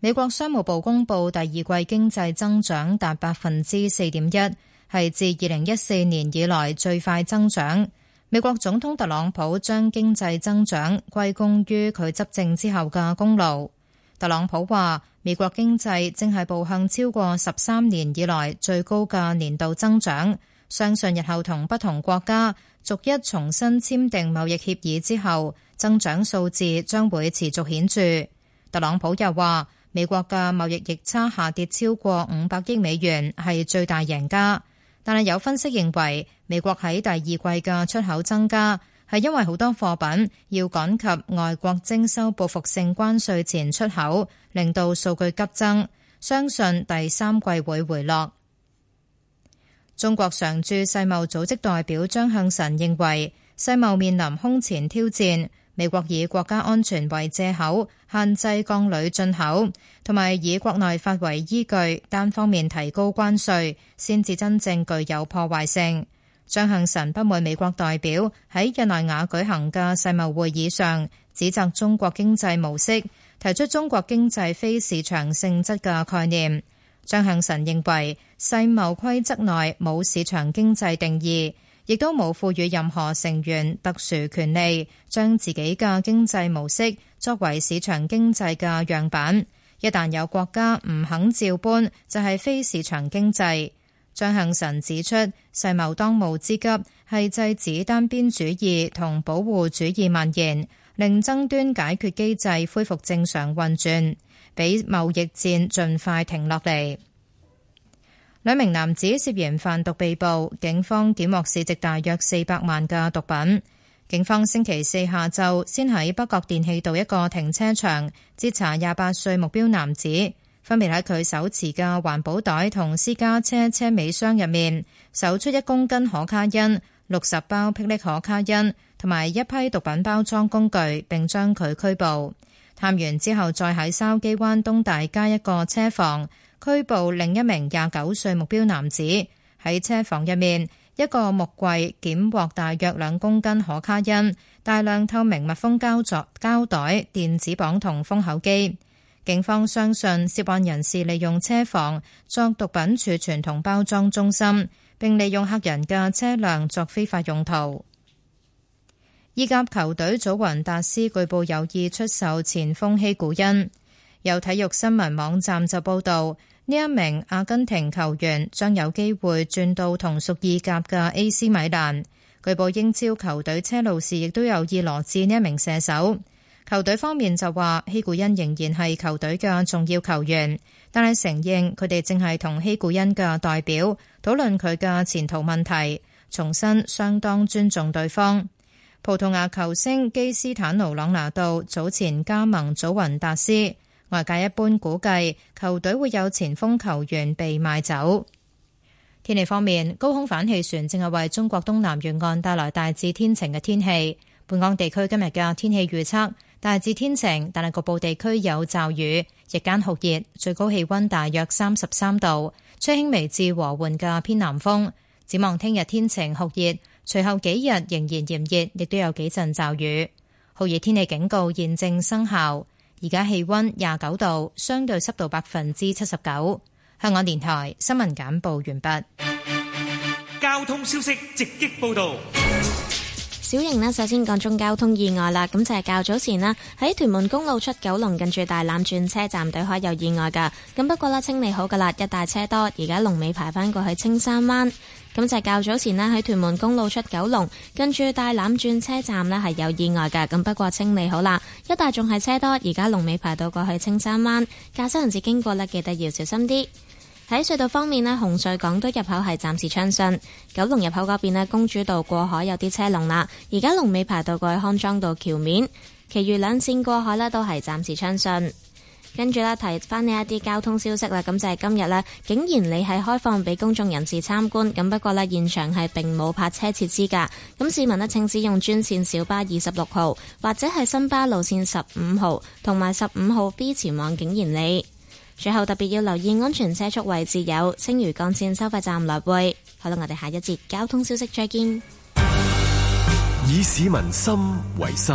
美國商務部公布第二季經濟增長達百分之四點一，係自二零一四年以來最快增長。美國總統特朗普將經濟增長歸功於佢執政之後嘅功勞。特朗普話，美國經濟正係步向超過十三年以來最高嘅年度增長。相信日後同不同國家逐一重新簽訂貿易協議之後，增長數字將會持續顯著。特朗普又話，美國嘅貿易逆差下跌超過五百億美元，係最大贏家。但係有分析認為，美國喺第二季嘅出口增加，係因為好多貨品要趕及外國徵收報復性關稅前出口，令到數據急增。相信第三季會回落。中國常駐世貿組織代表張向晨認為，世貿面臨空前挑戰。美國以國家安全為借口限制鋼鋁進口，同埋以國內法為依據單方面提高關稅，先至真正具有破壞性。張向晨不滿美國代表喺日內瓦舉行嘅世貿會議上指責中國經濟模式，提出中國經濟非市場性質嘅概念。張向晨認為。世貿規則內冇市場經濟定義，亦都冇賦予任何成員特殊權利，將自己嘅經濟模式作為市場經濟嘅樣板。一旦有國家唔肯照搬，就係、是、非市場經濟。張向晨指出，世貿當務之急係制止單邊主義同保護主義蔓延，令爭端解決機制恢復正常運轉，俾貿易戰盡快停落嚟。兩名男子涉嫌販毒被捕，警方檢獲市值大約四百萬嘅毒品。警方星期四下晝先喺北角電器道一個停車場截查廿八歲目標男子，分別喺佢手持嘅環保袋同私家車車尾箱入面搜出一公斤可卡因、六十包霹靂可卡因同埋一批毒品包裝工具，並將佢拘捕。探完之後，再喺筲箕灣東大街一個車房，拘捕另一名廿九歲目標男子。喺車房入面，一個木櫃檢獲大約兩公斤可卡因、大量透明密封膠作膠袋、電子磅同封口機。警方相信涉案人士利用車房作毒品儲存同包裝中心，並利用客人嘅車輛作非法用途。意甲球隊祖雲達斯據報有意出售前鋒希古因，有體育新聞網站就報道，呢一名阿根廷球員將有機會轉到同屬意甲嘅 AC 米蘭。據報英超球隊車路士亦都有意羅致呢一名射手。球隊方面就話希古恩仍然係球隊嘅重要球員，但係承認佢哋正係同希古恩嘅代表討論佢嘅前途問題，重申相當尊重對方。葡萄牙球星基斯坦奴朗拿度早前加盟祖雲達斯。外界一般估計球隊會有前鋒球員被賣走。天氣方面，高空反氣旋正係為中國東南沿岸帶來大致天晴嘅天氣。本港地區今日嘅天氣預測大致天晴，但係局部地區有驟雨，日間酷熱，最高氣溫大約三十三度，吹輕微至和緩嘅偏南風。展望聽日天晴酷熱，隨後幾日仍然炎熱，亦都有幾陣驟雨。酷熱天氣警告現正生效。而家氣溫廿九度，相對濕度百分之七十九。香港電台新聞簡報完畢。交通消息直擊報道。小瑩呢，首先講中交通意外啦。咁就係、是、較早前啦，喺屯門公路出九龍近住大欖轉車站對開有意外噶。咁不過啦，清理好噶啦，一大車多，而家龍尾排翻過去青山灣。咁就係較早前呢，喺屯門公路出九龍，跟住大欖轉車站呢係有意外㗎。咁不過清理好啦，一帶仲係車多，而家龍尾排到過去青山灣。駕駛人士經過呢，記得要小心啲。喺隧道方面呢，紅隧港島入口係暫時暢順，九龍入口嗰邊呢，公主道過海有啲車龍啦。而家龍尾排到過去康莊道橋面，其餘兩線過海呢都係暫時暢順。跟住咧，提翻呢一啲交通消息啦，咁就係、是、今日啦，景賢里係開放俾公眾人士參觀，咁不過呢現場係並冇泊車設施噶，咁市民呢，請使用專線小巴二十六號或者係新巴路線十五號同埋十五號 B 前往景賢里。最後特別要留意安全車速位置有青嶼幹線收費站來回。好啦，我哋下一節交通消息再見。以市民心為心。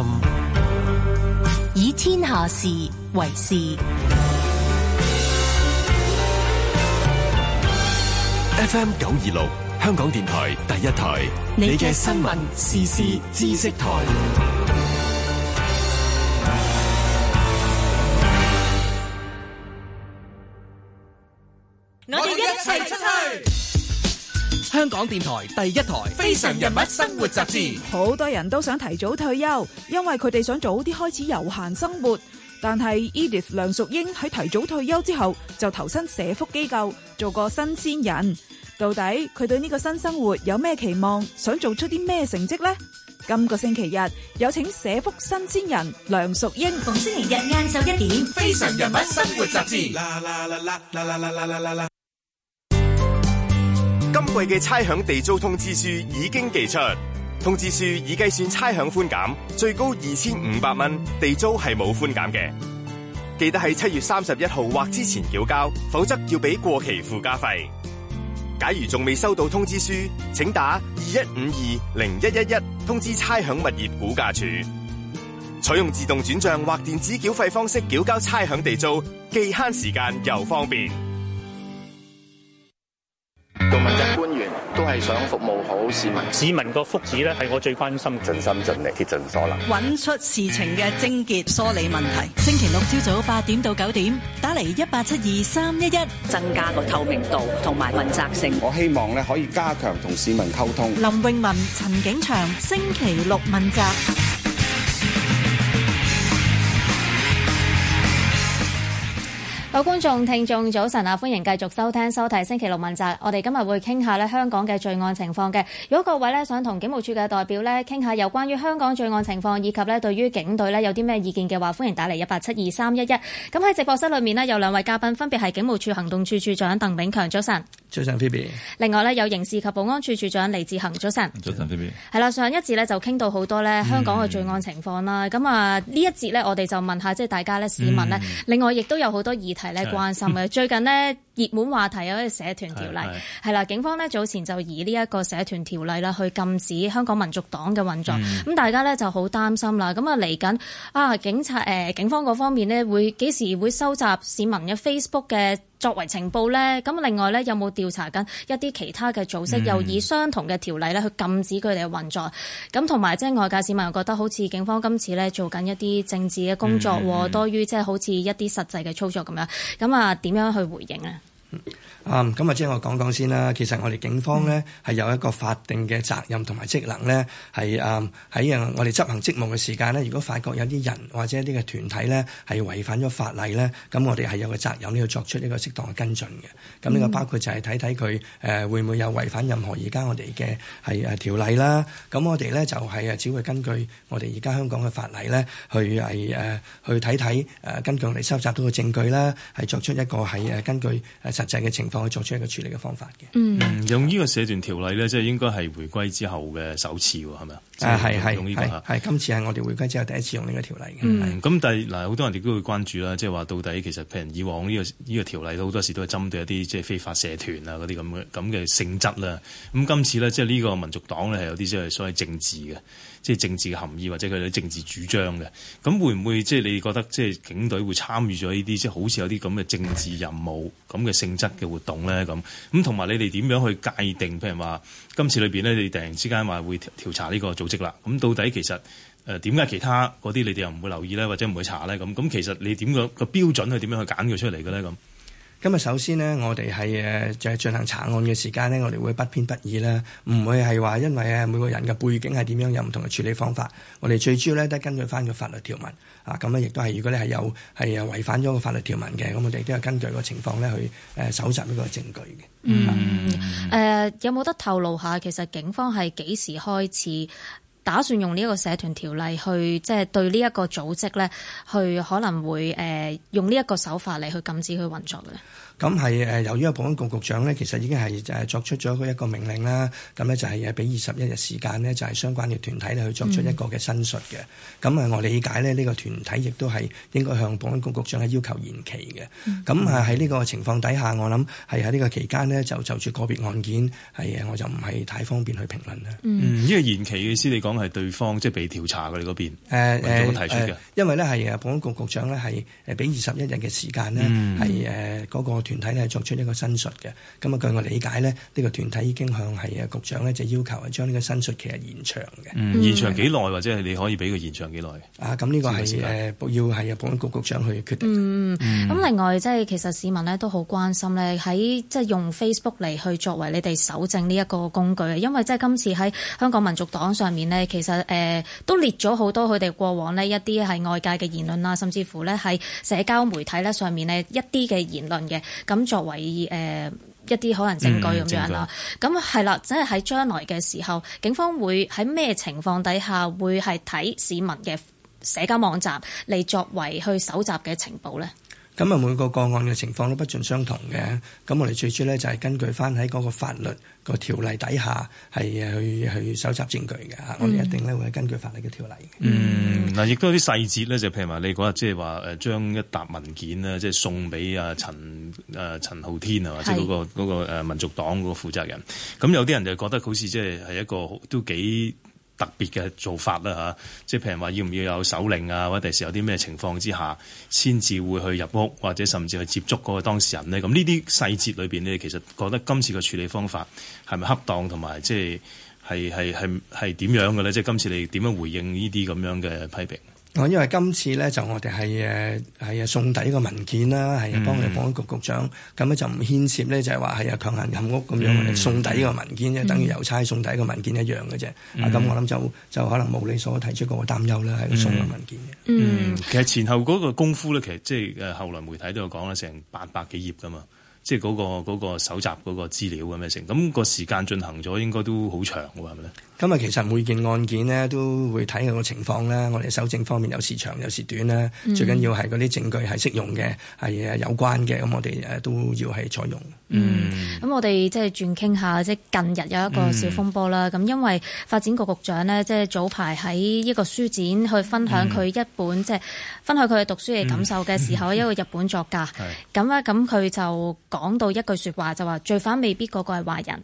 以天下事為事。FM 九二六，香港電台第一台，你嘅新聞時事知識台。我哋一齊出去。香港電台第一台《非常人物生活雜誌》，好多人都想提早退休，因為佢哋想早啲開始悠閒生活。但係 Edith 梁淑英喺提早退休之後，就投身社福機構，做個新鮮人。到底佢對呢個新生活有咩期望？想做出啲咩成績呢？今個星期日有請社福新鮮人梁淑英，逢星期日晏晝一點，《非常人物生活雜誌》啦啦啦啦啦啦啦啦。今季嘅差餉地租通知書已經寄出，通知書已計算差餉寬減，最高二千五百蚊，地租係冇寬減嘅。記得喺七月三十一號或之前繳交，否則要俾過期附加費。假如仲未收到通知書，請打二一五二零一一一通知差餉物業估價署。採用自動轉賬或電子繳費方式繳交差餉地租，既慳時間又方便。都係想服務好市民，市民個福祉咧係我最關心，盡心盡力竭盡所能，揾出事情嘅症結，梳理問題。星期六朝早八點到九點，打嚟一八七二三一一，增加個透明度同埋問責性。我希望咧可以加強同市民溝通。林泳文、陳景祥，星期六問責。各位觀眾、聽眾，早晨啊！歡迎繼續收聽、收睇《星期六問責》。我哋今日會傾下咧香港嘅罪案情況嘅。如果各位咧想同警務處嘅代表咧傾下有關於香港罪案情況，以及咧對於警隊咧有啲咩意見嘅話，歡迎打嚟一八七二三一一。咁喺直播室裏面咧，有兩位嘉賓，分別係警務處行動處處長鄧炳強，早晨。早晨，P B。另外咧，有刑事及保安處處長李志恒，早晨。早晨，P B。係啦，上一節咧就傾到好多咧香港嘅罪案情況啦。咁啊呢一節咧，我哋就問下即係大家咧市民咧、嗯，另外亦都有好多議題咧關心嘅。最近呢。嗯熱門話題有一啲社團條例係啦，警方咧早前就以呢一個社團條例啦去禁止香港民族黨嘅運作，咁、嗯、大家咧就好擔心啦。咁啊嚟緊啊，警察、呃、警方嗰方面呢會幾時會收集市民嘅 Facebook 嘅作為情報呢？咁另外咧有冇調查緊一啲其他嘅組織、嗯、又以相同嘅條例咧去禁止佢哋嘅運作？咁同埋即係外界市民又覺得好似警方今次咧做緊一啲政治嘅工作，嗯嗯嗯多於即係好似一啲實際嘅操作咁樣。咁啊點樣去回應呢？嗯，啊，咁啊，即係我講講先啦。其實我哋警方咧係有一個法定嘅責任同埋職能咧，係啊喺啊我哋執行職務嘅時間咧，如果發覺有啲人或者一啲嘅團體咧係違反咗法例咧，咁我哋係有個責任咧去作出呢個適當嘅跟進嘅。咁呢個包括就係睇睇佢誒會唔會有違反任何而家我哋嘅係誒條例啦。咁我哋咧就係啊只會根據我哋而家香港嘅法例咧去係誒去睇睇誒根據我哋收集到嘅證據啦，係作出一個係誒根據誒。實際嘅情況去作出一個處理嘅方法嘅。嗯，用呢個社團條例咧，即係應該係回歸之後嘅首次喎，係咪啊？係，用呢個，係係。今次係我哋回歸之後第一次用呢個條例嘅。咁但係嗱，好多人亦都會關注啦，即係話到底其實譬如以往呢個呢個條例，好多時都係針對一啲即係非法社團啊嗰啲咁嘅咁嘅性質啦。咁今次咧，即係呢個民族黨咧係有啲即係所謂政治嘅。即係政治嘅含義或者佢哋政治主張嘅，咁會唔會即係你覺得即係警隊會參與咗呢啲，即係好似有啲咁嘅政治任務咁嘅性質嘅活動咧？咁咁同埋你哋點樣去界定？譬如話今次裏面咧，你哋突然之間話會調查呢個組織啦，咁到底其實誒點解其他嗰啲你哋又唔會留意咧，或者唔會查咧？咁咁其實你點個個標準去點樣去揀佢出嚟嘅咧？咁？今日首先呢，我哋係誒就係進行查案嘅時間呢，我哋會不偏不倚啦，唔會係話因為每個人嘅背景係點樣有唔同嘅處理方法。我哋最主要咧都係根據翻個法律條文啊。咁咧亦都係，如果你係有係違反咗個法律條文嘅，咁我哋都係根據個情況咧去誒搜集呢個證據嘅。嗯 啊、有冇得透露下其實警方係幾時開始？打算用呢個社團條例去，即係對呢一個組織呢，去可能會誒用呢一個手法嚟去禁止佢運作嘅。咁係誒，由於保安局局長咧，其實已經係作出咗佢一個命令啦。咁咧就係畀俾二十一日時間呢，就係、是、相關嘅團體咧去作出一個嘅申述嘅。咁、嗯、啊，我理解咧，呢、這個團體亦都係應該向保安局局長係要求延期嘅。咁啊喺呢個情況底下，我諗係喺呢個期間呢，就就住個別案件係，我就唔係太方便去評論啦。嗯，呢、嗯這個延期嘅意思，你講係對方即係、就是、被調查嘅你嗰邊提出嘅？誒、呃、誒、呃呃，因為咧係保安局局長咧係畀俾二十一日嘅時間咧，係、嗯、嗰、那個。團體咧作出呢個申述嘅，咁啊據我理解咧，呢、這個團體已經向係啊局長咧就要求係將呢個申述期係延長嘅、嗯。延長幾耐或者係你可以俾佢延長幾耐？啊，咁呢個係誒要係啊保安局局長去決定。嗯咁、嗯、另外即係其實市民咧都好關心咧，喺即係用 Facebook 嚟去作為你哋搜證呢一個工具，因為即係今次喺香港民族黨上面呢，其實誒、呃、都列咗好多佢哋過往呢一啲係外界嘅言論啦，甚至乎呢喺社交媒體呢上面呢一啲嘅言論嘅。咁作為誒一啲可能證據咁樣啦，咁係啦，即係喺將來嘅時候，警方會喺咩情況底下會係睇市民嘅社交網站嚟作為去搜集嘅情報咧？咁啊每個個案嘅情況都不盡相同嘅，咁我哋最主咧就係根據翻喺嗰個法律個條例底下係去去蒐集證據嘅吓，我哋一定咧會根據法律嘅條例。嗯，嗱、嗯，亦、嗯嗯嗯啊、都有啲細節咧，就譬如話你講啊，即係話將一沓文件呢，即係送俾啊陳陳浩天啊，或者嗰個嗰、嗰個、民族黨嗰個負責人。咁有啲人就覺得好似即係係一個都幾特別嘅做法啦嚇，即係譬如話要唔要有手令啊，或者第時有啲咩情況之下，先至會去入屋或者甚至去接觸嗰個當事人咧。咁呢啲細節裏邊咧，你其實覺得今次嘅處理方法係咪恰當，同埋即係係係係係點樣嘅咧？即係今次你點樣回應呢啲咁樣嘅批評？因為今次咧就我哋係送底個文件啦，係幫我保安局局長咁咧、嗯、就唔牽涉咧就係話係啊強行入屋咁樣，我哋送底個文件就、嗯、等於郵差送底個文件一樣嘅啫。咁、嗯，啊、我諗就就可能冇你所提出個擔憂啦，係送個文件嘅、嗯嗯。嗯，其實前後嗰個功夫咧，其實即係後來媒體都有講啦，成八百幾頁噶嘛，即係、那、嗰個嗰、那個、集嗰個資料咁嘅成，咁、那個時間進行咗應該都好長喎，咪咧？今日其實每件案件呢都會睇個情況啦。我哋搜證方面有時長有時短啦、嗯，最緊要係嗰啲證據係適用嘅，係有關嘅，咁我哋都要係採用。嗯，咁、嗯、我哋即係轉傾下，即係近日有一個小風波啦。咁、嗯、因為發展局局長呢，即係早排喺呢個書展去分享佢一本即係、嗯就是、分享佢讀書嘅感受嘅時候、嗯嗯，一個日本作家。咁啊，咁佢就講到一句說話，就話罪犯未必個個係壞人。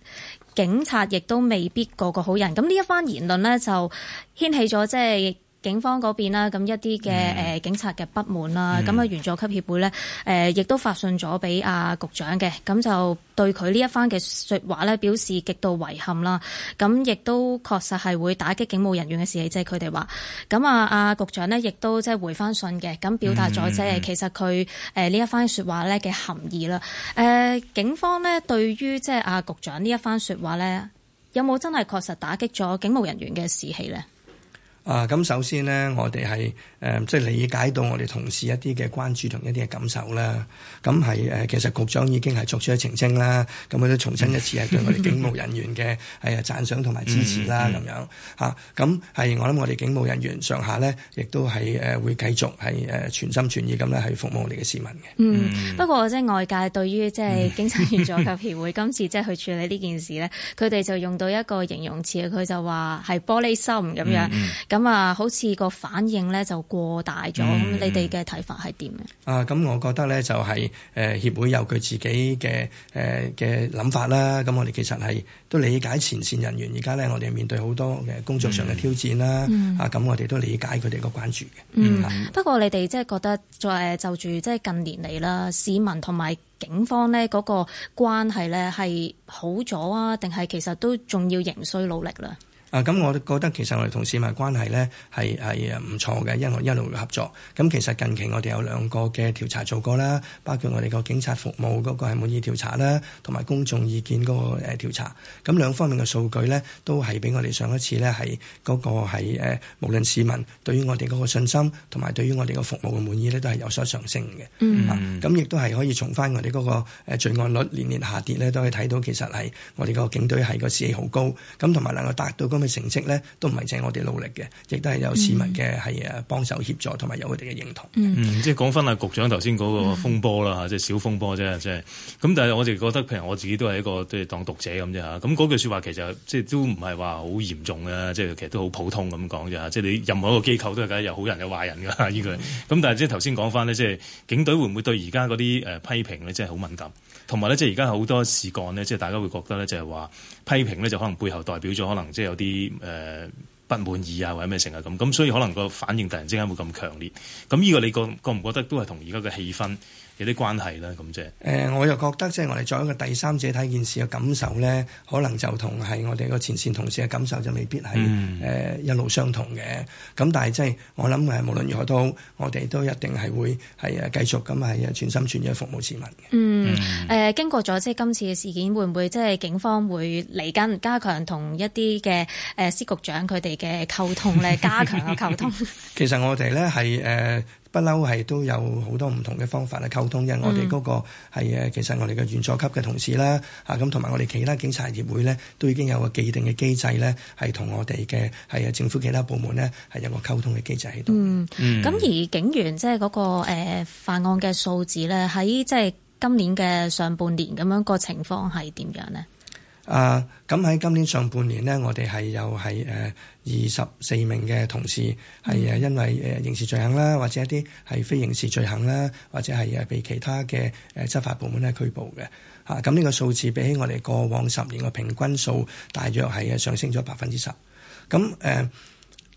警察亦都未必個個好人，咁呢一番言論咧就掀起咗即係。警方嗰邊啦，咁一啲嘅誒警察嘅不滿啦，咁啊援助級協會員佐級協會咧誒，亦、呃、都發信咗俾阿局長嘅，咁就對佢呢一番嘅説話咧表示極度遺憾啦。咁亦都確實係會打擊警務人員嘅士氣，即係佢哋話。咁啊阿局長呢，亦都即係回翻信嘅，咁表達咗即係其實佢誒呢一番説話咧嘅含義啦。誒、mm. 呃、警方呢，對於即係阿局長這一番說呢一番説話咧，有冇真係確實打擊咗警務人員嘅士氣咧？啊，咁首先呢，我哋係誒即係理解到我哋同事一啲嘅關注同一啲嘅感受啦。咁、嗯、係其實局長已經係作出咗澄清啦。咁、嗯、佢、嗯、都重申一次係對我哋警務人員嘅係、嗯、讚賞同埋支持啦。咁、嗯嗯、樣咁係、嗯、我諗我哋警務人員上下呢，亦都係誒會繼續係誒全心全意咁咧，係服務我哋嘅市民嘅、嗯。嗯，不過即係外界對於即係警察員佐級協會、嗯、今次即係去處理呢件事呢，佢 哋就用到一個形容詞，佢就話係玻璃心咁、嗯、樣。咁啊，好似個反應咧就過大咗、嗯，你哋嘅睇法係點咧？啊，咁我覺得咧就係誒協會有佢自己嘅誒嘅諗法啦。咁我哋其實係都理解前線人員，而家咧我哋面對好多嘅工作上嘅挑戰啦、嗯。啊，咁我哋都理解佢哋個關注嘅、嗯。嗯，不過你哋即係覺得再就住即係近年嚟啦，市民同埋警方呢嗰個關係咧係好咗啊？定係其實都仲要仍需努力啦？啊，咁我覺得其實我哋同市民關係咧係係唔錯嘅，一路一路嘅合作。咁其實近期我哋有兩個嘅調查做過啦，包括我哋個警察服務嗰個係滿意調查啦，同埋公眾意見嗰個誒調查。咁兩方面嘅數據咧，都係俾我哋上一次咧係嗰個係誒無論市民對於我哋嗰個信心同埋對於我哋個服務嘅滿意咧，都係有所上升嘅。嗯咁、啊、亦都係可以從翻我哋嗰個罪案率年年下跌咧，都可以睇到其實係我哋個警隊係個士氣好高，咁同埋能夠達到、嗰個成績咧都唔係淨係我哋努力嘅，亦都係有市民嘅係幫手協助，同埋有佢哋嘅認同。嗯，即係講翻阿局長頭先嗰個風波啦、嗯，即係小風波啫，即係咁。但係我哋覺得，譬如我自己都係一個即係、就是、當讀者咁啫吓。咁嗰句說話其實即係都唔係話好嚴重呀，即係其實都好普通咁講啫吓。即係你任何一個機構都係梗，有好人有壞人噶呢句，咁、嗯、但係即係頭先講翻呢，即係警隊會唔會對而家嗰啲誒批評咧，即係好敏感？同埋咧，即係而家好多事幹呢，即係大家會覺得咧，就係話批評咧，就可能背後代表咗可能即係有啲誒不滿意啊，或者咩成啊咁，咁所以可能個反應突然之間會咁強烈。咁呢個你覺覺唔覺得都係同而家嘅氣氛？有啲關係啦，咁啫、就是。誒、呃，我又覺得即係我哋作為一個第三者睇件事嘅感受咧，可能就同係我哋個前線同事嘅感受就未必係誒、嗯呃、一路相同嘅。咁但係即係我諗誒，無論如何都好，我哋都一定係會係誒繼續咁係啊，全心全意服務市民。嗯。誒、嗯呃，經過咗即係今次嘅事件，會唔會即係警方會嚟緊加強同一啲嘅誒司局長佢哋嘅溝通咧，加強個溝通？ 其實我哋咧係誒。不嬲係都有好多唔同嘅方法去溝通，因為我哋嗰個係其實我哋嘅員佐級嘅同事啦，咁同埋我哋其他警察協會咧，都已經有個既定嘅機制咧，係同我哋嘅係啊政府其他部門咧係有個溝通嘅機制喺度。嗯，咁、嗯、而警員即係嗰個、呃、犯案嘅數字咧，喺即係今年嘅上半年咁樣個情況係點樣咧？啊，咁喺今年上半年呢，我哋係有係誒二十四名嘅同事係誒因為誒刑事罪行啦，或者一啲係非刑事罪行啦，或者係誒被其他嘅誒執法部門咧拘捕嘅嚇。咁呢個數字比起我哋過往十年嘅平均數，大約係上升咗百分之十。咁、啊、誒，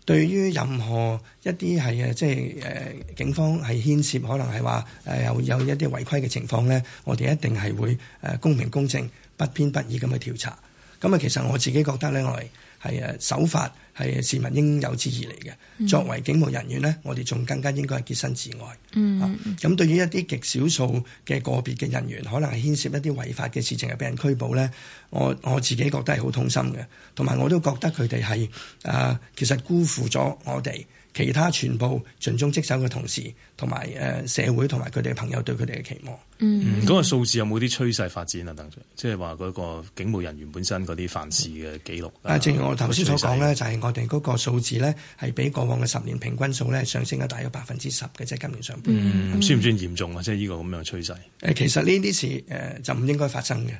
對於任何一啲係即係誒警方係牽涉，可能係話誒有有一啲違規嘅情況咧，我哋一定係會誒公平公正。不偏不倚咁去調查，咁啊其實我自己覺得咧，我係係誒守法係市民應有之義嚟嘅。作為警務人員咧，我哋仲更加應該係潔身自愛。嗯，咁、啊、對於一啲極少數嘅個別嘅人員，可能係牽涉一啲違法嘅事情，係畀人拘捕咧，我我自己覺得係好痛心嘅，同埋我都覺得佢哋係誒其實辜負咗我哋其他全部盡忠職守嘅同事，同埋誒社會同埋佢哋嘅朋友對佢哋嘅期望。嗯，嗰、嗯那個數字有冇啲趨勢發展啊？等住，即係話嗰個警務人員本身嗰啲犯事嘅記錄、嗯啊。啊，正如我頭先所講咧，就係、是、我哋嗰個數字咧，係比過往嘅十年平均數咧上升嘅，大約百分之十嘅，即係今年上半年嗯，嗯，算唔算嚴重啊？即係呢個咁樣趨勢？誒，其實呢啲事誒、呃、就唔應該發生嘅。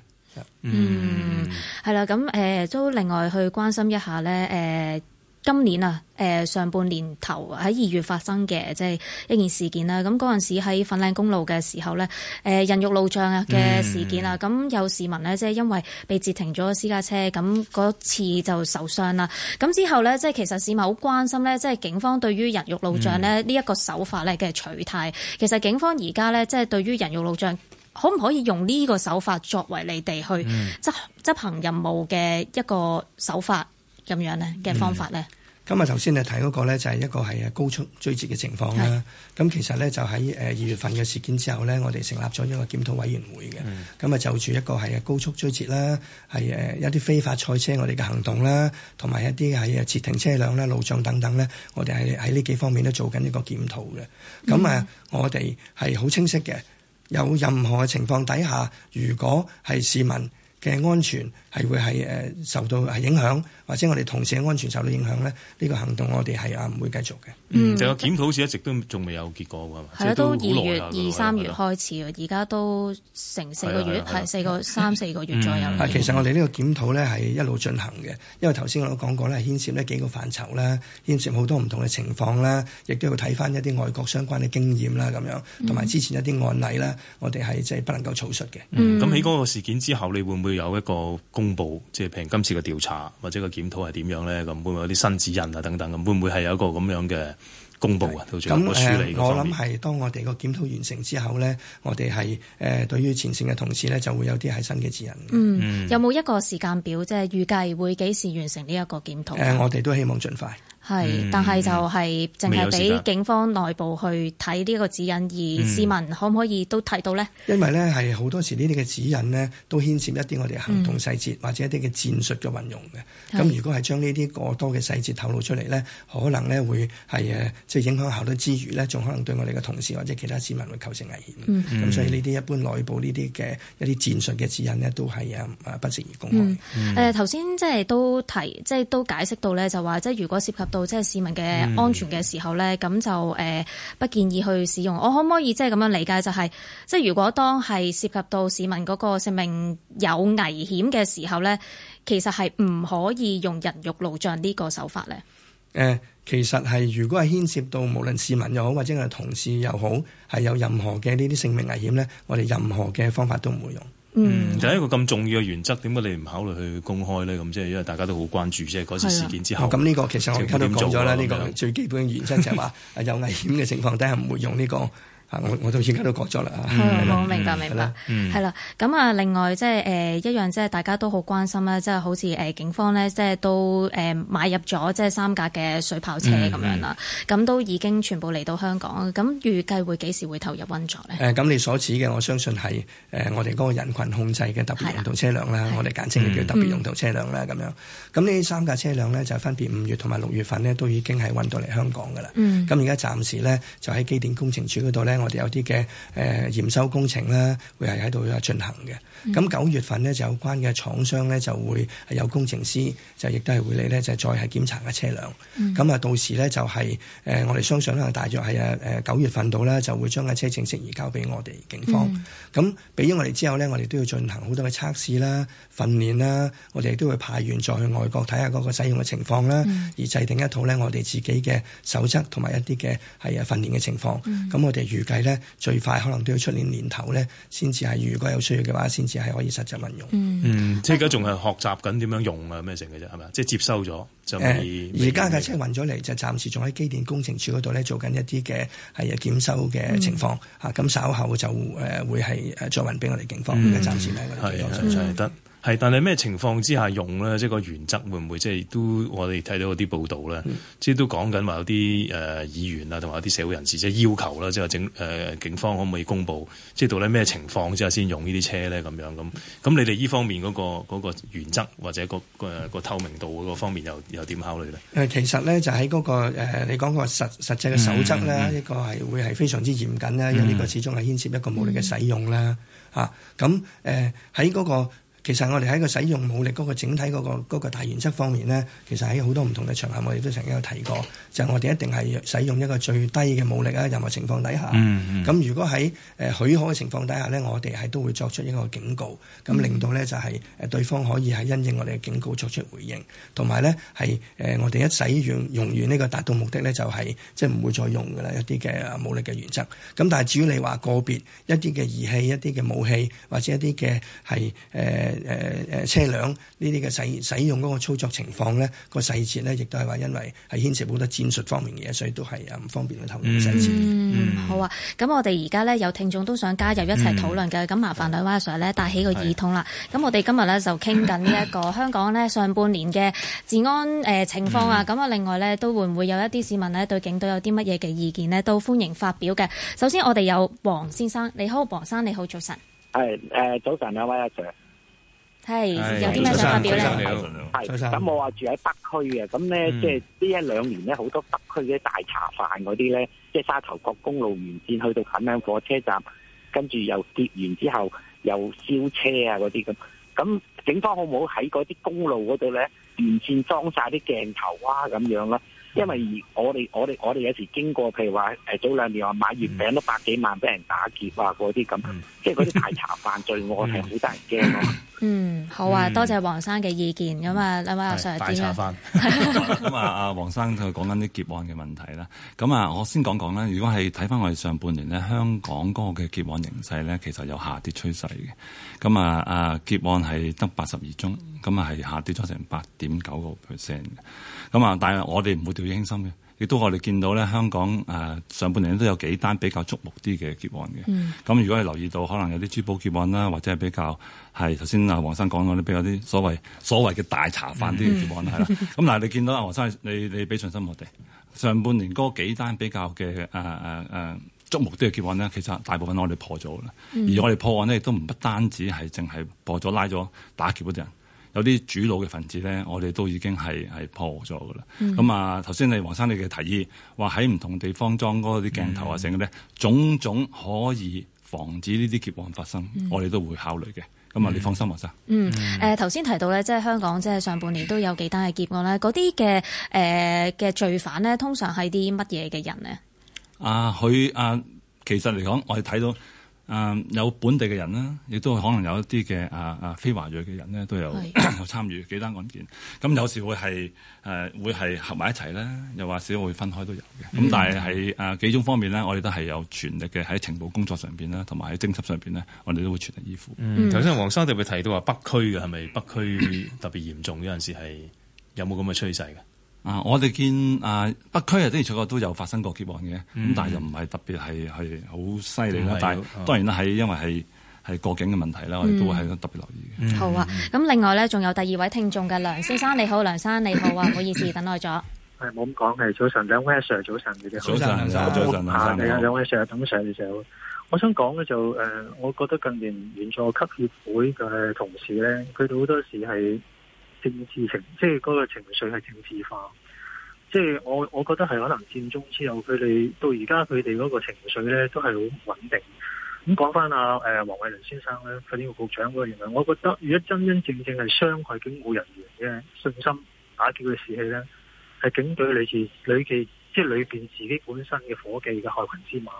嗯，係、嗯、啦，咁誒都另外去關心一下咧，誒、呃。今年啊，誒上半年頭喺二月發生嘅即係一件事件啦。咁嗰陣時喺粉嶺公路嘅時候呢，誒人肉路障啊嘅事件啊，咁、mm-hmm. 有市民呢，即係因為被截停咗私家車，咁嗰次就受傷啦。咁之後呢，即係其實市民好關心呢，即係警方對於人肉路障咧呢一個手法咧嘅取態。Mm-hmm. 其實警方而家呢，即係對於人肉路障可唔可以用呢個手法作為你哋去執執行任務嘅一個手法咁樣呢嘅方法呢？今日頭先你睇嗰個咧，就係一個係高速追截嘅情況啦。咁其實咧，就喺誒二月份嘅事件之後咧，我哋成立咗一個檢討委員會嘅。咁啊，就住一個係高速追截啦，係誒一啲非法賽車我哋嘅行動啦，同埋一啲係截停車輛啦、路障等等咧，我哋係喺呢幾方面都做緊呢個檢討嘅。咁、嗯、啊，我哋係好清晰嘅，有任何嘅情況底下，如果係市民嘅安全。係會係誒受到影響，或者我哋同事嘅安全受到影響咧，呢、呢個行動我哋係啊唔會繼續嘅。嗯，就個、是、檢討，好似一直都仲未有結果㗎嘛。係啊，就是、都二月二三月開始，而家都成四個月，係四個三四個月左右。嗯、其實我哋呢個檢討咧係一路進行嘅，因為頭先我都講過咧，牽涉呢幾個範疇啦，牽涉好多唔同嘅情況啦，亦都要睇翻一啲外國相關嘅經驗啦咁樣，同埋之前一啲案例咧，我哋係即係不能夠草率嘅。咁喺嗰個事件之後，你會唔會有一個公布即係譬如今次嘅調查或者個檢討係點樣咧？咁會唔會有啲新指引啊？等等咁，會唔會係有一個咁樣嘅公布啊？到最後、嗯、我處理我諗係當我哋個檢討完成之後咧，我哋係誒對於前綫嘅同事咧就會有啲係新嘅指引嘅。嗯，有冇一個時間表即係預計會幾時完成呢一個檢討？誒、嗯、我哋都希望盡快。係，但係就係淨係俾警方內部去睇呢個指引，嗯，而市民可唔可以都睇到呢？因為呢係好多時呢啲嘅指引呢都牽涉一啲我哋行動細節或者一啲嘅戰術嘅運用嘅。咁如果係將呢啲過多嘅細節透露出嚟呢，可能呢會係即係影響效率之餘呢仲可能對我哋嘅同事或者其他市民會構成危險。咁、嗯、所以呢啲一般內部呢啲嘅一啲戰術嘅指引呢，都係不適宜公開。誒頭先即係都提，即係都解釋到呢，就話即係如果涉及到，即係市民嘅安全嘅時候呢，咁、嗯、就誒、呃、不建議去使用。我可唔可以即係咁樣理解、就係？就係即係如果當係涉及到市民嗰個性命有危險嘅時候呢，其實係唔可以用人肉路障呢個手法呢？誒、呃，其實係如果係牽涉到無論市民又好，或者係同事又好，係有任何嘅呢啲性命危險呢，我哋任何嘅方法都唔會用。嗯，嗯，就係一個咁重要嘅原則，點解你唔考慮去公開咧？咁即係因為大家都好關注啫。嗰次事件之後，咁呢個其實我哋都做咗啦。呢個最基本嘅原則就係話，有危險嘅情況底下唔會用呢個。我我都而家都講咗啦，係、嗯，我明白明白，係啦。咁啊，嗯、另外即係誒一樣，即、就、係、是呃、大家都好關心啦，即、就、係、是、好似誒、呃、警方咧，即係都誒買入咗即係三架嘅水炮車咁、嗯、樣啦。咁、嗯、都已經全部嚟到香港，咁預計會幾時會投入運作咧？誒、嗯，咁你所指嘅，我相信係誒、呃、我哋嗰個人群控制嘅特別用途車輛啦，我哋簡稱叫、嗯、特別用途車輛啦，咁樣。咁呢三架車輛咧，就分別五月同埋六月份咧，都已經係運到嚟香港噶啦。嗯。咁而家暫時咧，就喺機電工程署嗰度咧。我哋有啲嘅誒驗收工程啦，會係喺度進行嘅。咁、嗯、九月份咧，就有關嘅廠商咧，就會係有工程師，就亦都係會嚟咧，就再係檢查嘅車輛。咁、嗯、啊，到時咧就係、是、誒、呃、我哋相信可能大約係啊誒九月份度啦，就會將架車正式移交俾我哋警方。咁俾咗我哋之後咧，我哋都要進行好多嘅測試啦、訓練啦。我哋亦都會派員再去外國睇下嗰個使用嘅情況啦、嗯，而制定一套咧我哋自己嘅守則同埋一啲嘅係啊訓練嘅情況。咁、嗯、我哋如計咧最快可能都要出年年頭咧，先至係如果有需要嘅話，先至係可以實質運用。嗯，即係而家仲係學習緊點樣用啊？咩成嘅啫？係咪？即係接收咗就而而家嘅車運咗嚟，就暫、呃、時仲喺機電工程署嗰度咧做緊一啲嘅係檢收嘅情況。吓、嗯、咁、啊、稍後就誒、呃、會係誒再運俾我哋警方。暫、嗯、時得。嗯係，但係咩情況之下用呢？即係個原則會唔會，即係都我哋睇到嗰啲報道咧，即係都講緊話有啲誒議員啊，同埋有啲社會人士即係要求啦，即係整誒警方可唔可以公布，即係到底咩情況之下先用呢啲車咧？咁樣咁，咁你哋呢方面嗰個嗰個原則或者個誒個透明度嗰個方面又又點考慮咧？誒，其實咧就喺嗰個誒你講個實實際嘅守則咧，呢個係會係非常之嚴謹啦，因為呢個始終係牽涉一個武力嘅使用啦。嚇咁誒喺嗰個。其實我哋喺個使用武力嗰個整體嗰個嗰個大原則方面呢，其實喺好多唔同嘅場合，我哋都曾經有提過，就係我哋一定係使用一個最低嘅武力啊，任何情況底下。嗯嗯。咁如果喺誒許可嘅情況底下呢，我哋係都會作出一個警告，咁令到呢就係誒對方可以係因應我哋嘅警告作出回應，同埋呢係誒我哋一使用用完呢個達到目的呢，就係即係唔會再用噶啦一啲嘅武力嘅原則。咁但係至於你話個別一啲嘅儀器、一啲嘅武器或者一啲嘅係誒誒，車輛呢啲嘅使使用嗰個操作情況呢，個細節呢亦都係話因為係牽涉好多戰術方面嘅嘢，所以都係啊唔方便去討論細節。嗯，好啊，咁我哋而家呢，有聽眾都想加入一齊討論嘅，咁、嗯、麻煩兩位阿 Sir 呢，戴起個耳筒啦。咁我哋今日呢，就傾緊呢一個香港呢上半年嘅治安誒情況啊。咁 啊、嗯，另外呢，都會唔會有一啲市民呢對警隊有啲乜嘢嘅意見呢？都歡迎發表嘅。首先我哋有黃先生，你好，黃生你好，早晨。係誒，早晨啊，兩位阿 Sir。係有啲咩想發表咧？係，咁我話住喺北區嘅，咁咧即係呢、嗯、一兩年咧，好多北區嘅大茶飯嗰啲咧，即係沙頭角公路沿線去到近上火車站，跟住又跌完之後又燒車啊嗰啲咁。咁警方好唔好喺嗰啲公路嗰度咧，沿線裝晒啲鏡頭啊咁樣咧？因為我哋我哋我哋有時經過，譬如話誒早兩年話買月餅都百幾萬俾人打劫啊，嗰啲咁，即係嗰啲大茶飯，我係好大驚咯。嗯，好啊，多謝黃生嘅意見咁、嗯、 啊，禮拜六上大茶飯咁啊，阿黃生就講緊啲劫案嘅問題啦。咁啊，我先講講啦。如果係睇翻我哋上半年咧，香港嗰個嘅劫案形勢咧，其實有下跌趨勢嘅。咁啊啊，劫案係得八十二宗。嗯咁啊，係下跌咗成八點九個 percent 嘅。咁啊，但係我哋唔會掉以輕心嘅。亦都我哋見到咧，香港誒上半年都有幾單比較觸目啲嘅劫案嘅。咁、嗯、如果你留意到，可能有啲珠寶劫案啦，或者係比較係頭先阿黃生講嗰啲比較啲所謂所謂嘅大茶飯啲嘅劫案啦，係、嗯、啦。咁 嗱，你見到阿黃生，你你俾信心我哋。上半年嗰幾單比較嘅誒誒誒觸目啲嘅劫案咧，其實大部分我哋破咗啦。嗯、而我哋破案咧，亦都唔不單止係淨係破咗拉咗打劫嗰啲人。有啲主腦嘅分子咧，我哋都已經係係破咗噶啦。咁、嗯、啊，頭先你黃生你嘅提議，話喺唔同地方裝嗰啲鏡頭啊，成嘅咧，種種可以防止呢啲劫案發生，我哋都會考慮嘅。咁啊，你放心，黃生。嗯。誒，頭、嗯、先、嗯嗯呃、提到咧，即係香港，即係上半年都有幾單嘅劫案咧，嗰啲嘅誒嘅罪犯咧，通常係啲乜嘢嘅人呢？啊，佢啊，其實嚟講，我哋睇到。誒、呃、有本地嘅人啦，亦都可能有一啲嘅誒非華裔嘅人咧都有，有參與幾單案件，咁有時會係誒、呃、會係合埋一齊咧，又或者會分開都有嘅。咁、嗯、但係喺誒幾種方面咧，我哋都係有全力嘅喺情報工作上面啦，同埋喺偵察上面咧，我哋都會全力以赴。頭、嗯、先黃生你特別提到話北區嘅，係咪北區特別嚴重，有陣時係有冇咁嘅趨勢嘅？啊！我哋見啊北區啊的確都有發生過劫案嘅，咁但係又唔係特別係係好犀利啦。但係當然啦，係、哦、因為係過境嘅問題啦，我哋都會係特別留意嘅。嗯、好啊！咁另外咧，仲有第二位聽眾嘅梁先生，你好，梁生你好啊！唔好意思等耐咗。係冇咁講，係早晨兩位 Sir 早晨你哋。早晨早晨早晨啊！兩位 Sir 早晨嘅時候，我想講嘅就誒，我覺得近年員佐級協會嘅同事咧，佢哋好多時係。政治情，即係嗰個情緒係政治化，即係我我覺得係可能佔中之後，佢哋到而家佢哋嗰個情緒咧都係好穩定。咁講翻阿誒黃偉綸先生咧，發展局局長嗰個言論，我覺得如果真真正正係傷害警務人員嘅信心、打擊嘅呢，打擊佢士氣咧，係警隊裏邊裏嘅即係裏邊自己本身嘅伙計嘅害群之馬。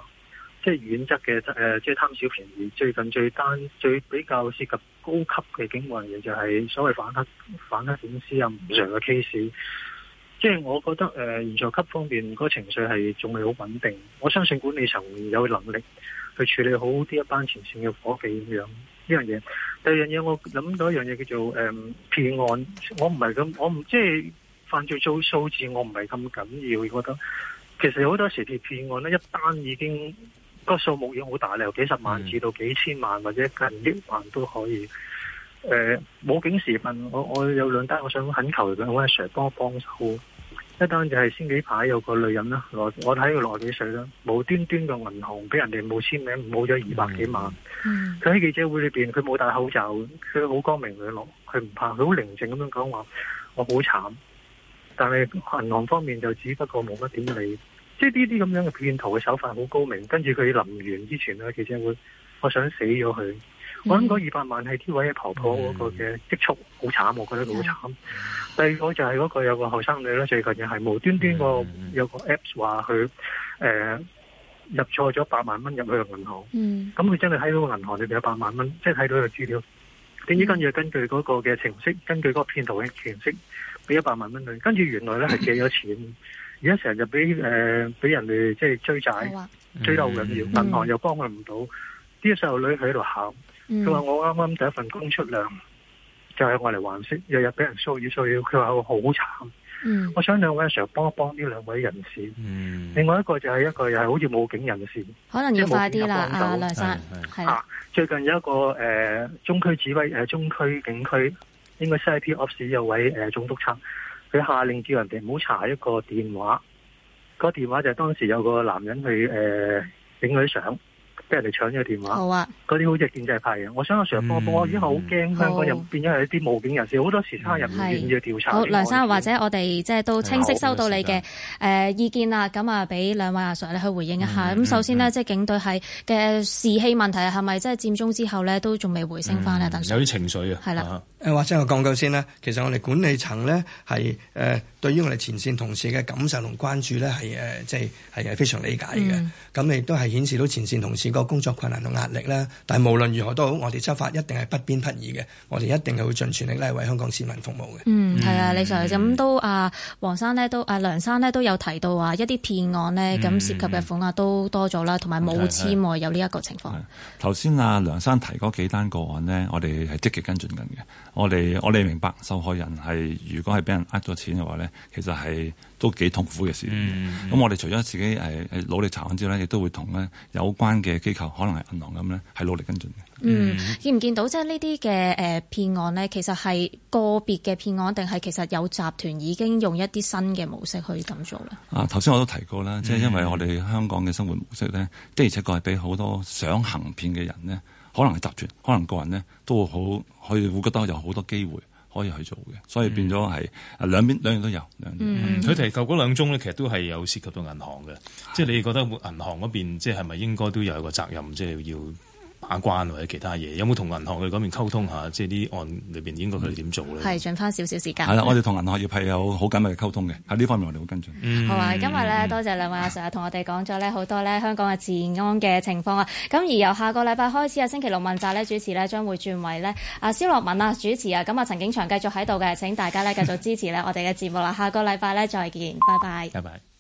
即係原則嘅，誒、呃，即係貪小便宜。最近最單最比較涉及高級嘅警務人員就係所謂反黑反黑警司啊唔常嘅 case。即係我覺得誒，現、呃、在級方面嗰個情緒係仲未好穩定。我相信管理層有能力去處理好啲一,一班前線嘅伙計咁樣呢樣嘢。第二樣嘢我諗到一樣嘢叫做誒騙、呃、案。我唔係咁，我唔即係犯罪做數字，我唔係咁緊要。我覺得其實好多時啲騙案咧一單已經。那個數已經好大，由幾十萬至到幾千萬或者近一萬都可以。誒、呃，武警時份，我我有兩單，我想懇求嘅，mm-hmm. 幫我阿 Sir 幫幫手。一單就係先幾排有個女人啦，我我睇佢內幾歲啦，無端端個銀行俾人哋冇簽名，冇咗二百幾萬。佢、mm-hmm. 喺記者會裏邊，佢冇戴口罩，佢好光明佢落佢唔怕，佢好寧靜咁樣講話，我好慘。但係銀行方面就只不過冇乜點理。即係呢啲咁樣嘅騙徒嘅手法好高明，跟住佢臨完之前咧，記者會我想死咗佢、嗯。我諗嗰二百萬係呢位婆婆嗰個嘅積蓄，好慘，我覺得佢好慘。第二個就係嗰個有個後生女咧，最近又係無端端有個有個 Apps 話佢誒、呃、入錯咗八萬蚊入去個銀行。咁、嗯、佢、嗯嗯嗯、真係喺嗰個銀行裏邊有八萬蚊，即係睇到個資料。點知跟住根據嗰個嘅程式，根據嗰個騙徒嘅程式，俾一百萬蚊佢。跟住原來咧係借咗錢。 而家成日就俾誒俾人哋即係追債，啊、追得好緊要、嗯，銀行又幫佢唔到，啲細路女喺度喊。佢、嗯、話我啱啱第一份工出糧，就係我嚟還息，日日俾人騷擾騷擾。佢話我好慘、嗯。我想兩位 Sir 幫一幫呢兩位人士、嗯。另外一個就係一個又係好似武警人士，可能要快啲啦，阿、就係啊、梁生。啊，最近有一個誒中區指揮誒中區警區應該 CIP Ops 有位誒總、呃、督察。嗯總督察佢下令叫人哋唔好查一個電話，個電話就當時有個男人去誒影佢啲相，俾、呃、人哋搶咗電話。好啊，嗰啲好似建制派嘅。我想阿 Sir，廣播已經好驚香港入變咗係一啲武警人士，好、嗯、多時差人唔願意去調查。好，梁生，或者我哋即係都清晰收到你嘅誒意見啦。咁啊，俾兩位阿 Sir 你去回應一下。咁、嗯、首先呢即係、嗯就是、警隊係嘅士氣問題係咪即係佔中之後咧都仲未回升翻咧？等、嗯、有啲情緒啊，係啦。誒或者我講夠先啦。其實我哋管理層呢，係誒對於我哋前線同事嘅感受同關注呢，係誒即係係非常理解嘅。咁亦都係顯示到前線同事個工作困難同壓力啦。但係無論如何都好，我哋執法一定係不偏不倚嘅。我哋一定係會盡全力咧為香港市民服務嘅。嗯，係、嗯、啊，李 Sir 咁都啊，黃、嗯、生呢，都啊，梁生呢，都有提到話一啲騙案呢，咁涉及嘅款額都多咗啦，同埋冇簽有呢一個情況。頭、嗯嗯嗯嗯嗯嗯嗯嗯、先啊，梁生提嗰幾單個案呢，我哋係積極跟進緊嘅。我哋我哋明白受害人係如果係俾人呃咗錢嘅話咧，其實係都幾痛苦嘅事。咁、嗯、我哋除咗自己係係努力查案之外，亦都會同咧有關嘅機構，可能係銀行咁咧，係努力跟進嘅、嗯。嗯，見唔見到，即係呢啲嘅誒騙案呢，其實係個別嘅騙案，定係其實有集團已經用一啲新嘅模式去咁做啦啊，頭先我都提過啦，即係因為我哋香港嘅生活模式呢、嗯、的而且確係俾好多想行騙嘅人呢。可能係集團，可能個人咧都會好，可以會覺得有好多機會可以去做嘅，所以變咗係、嗯、兩邊兩樣都有。佢、嗯嗯、提及嗰兩宗咧，其實都係有涉及到銀行嘅，即係你哋覺得銀行嗰邊即係係咪應該都有個責任，即係要關或者其他嘢，有冇同銀行去嗰邊溝通下？即係啲案裏邊應該佢、嗯、點做咧？係盡翻少少時間。係啦，我哋同銀行亦係有好緊密嘅溝通嘅。喺呢方面，我哋好跟進。嗯、好呢 Sir，呢啊，今日咧多謝兩位阿 Sir 成日同我哋講咗咧好多咧香港嘅治安嘅情況啊。咁而由下個禮拜開始啊，星期六問責咧主持咧將會轉為咧阿蕭樂文啊主持啊。咁啊陳景祥繼續喺度嘅。請大家咧繼續支持咧 我哋嘅節目啦。下個禮拜咧再見，拜拜。拜拜。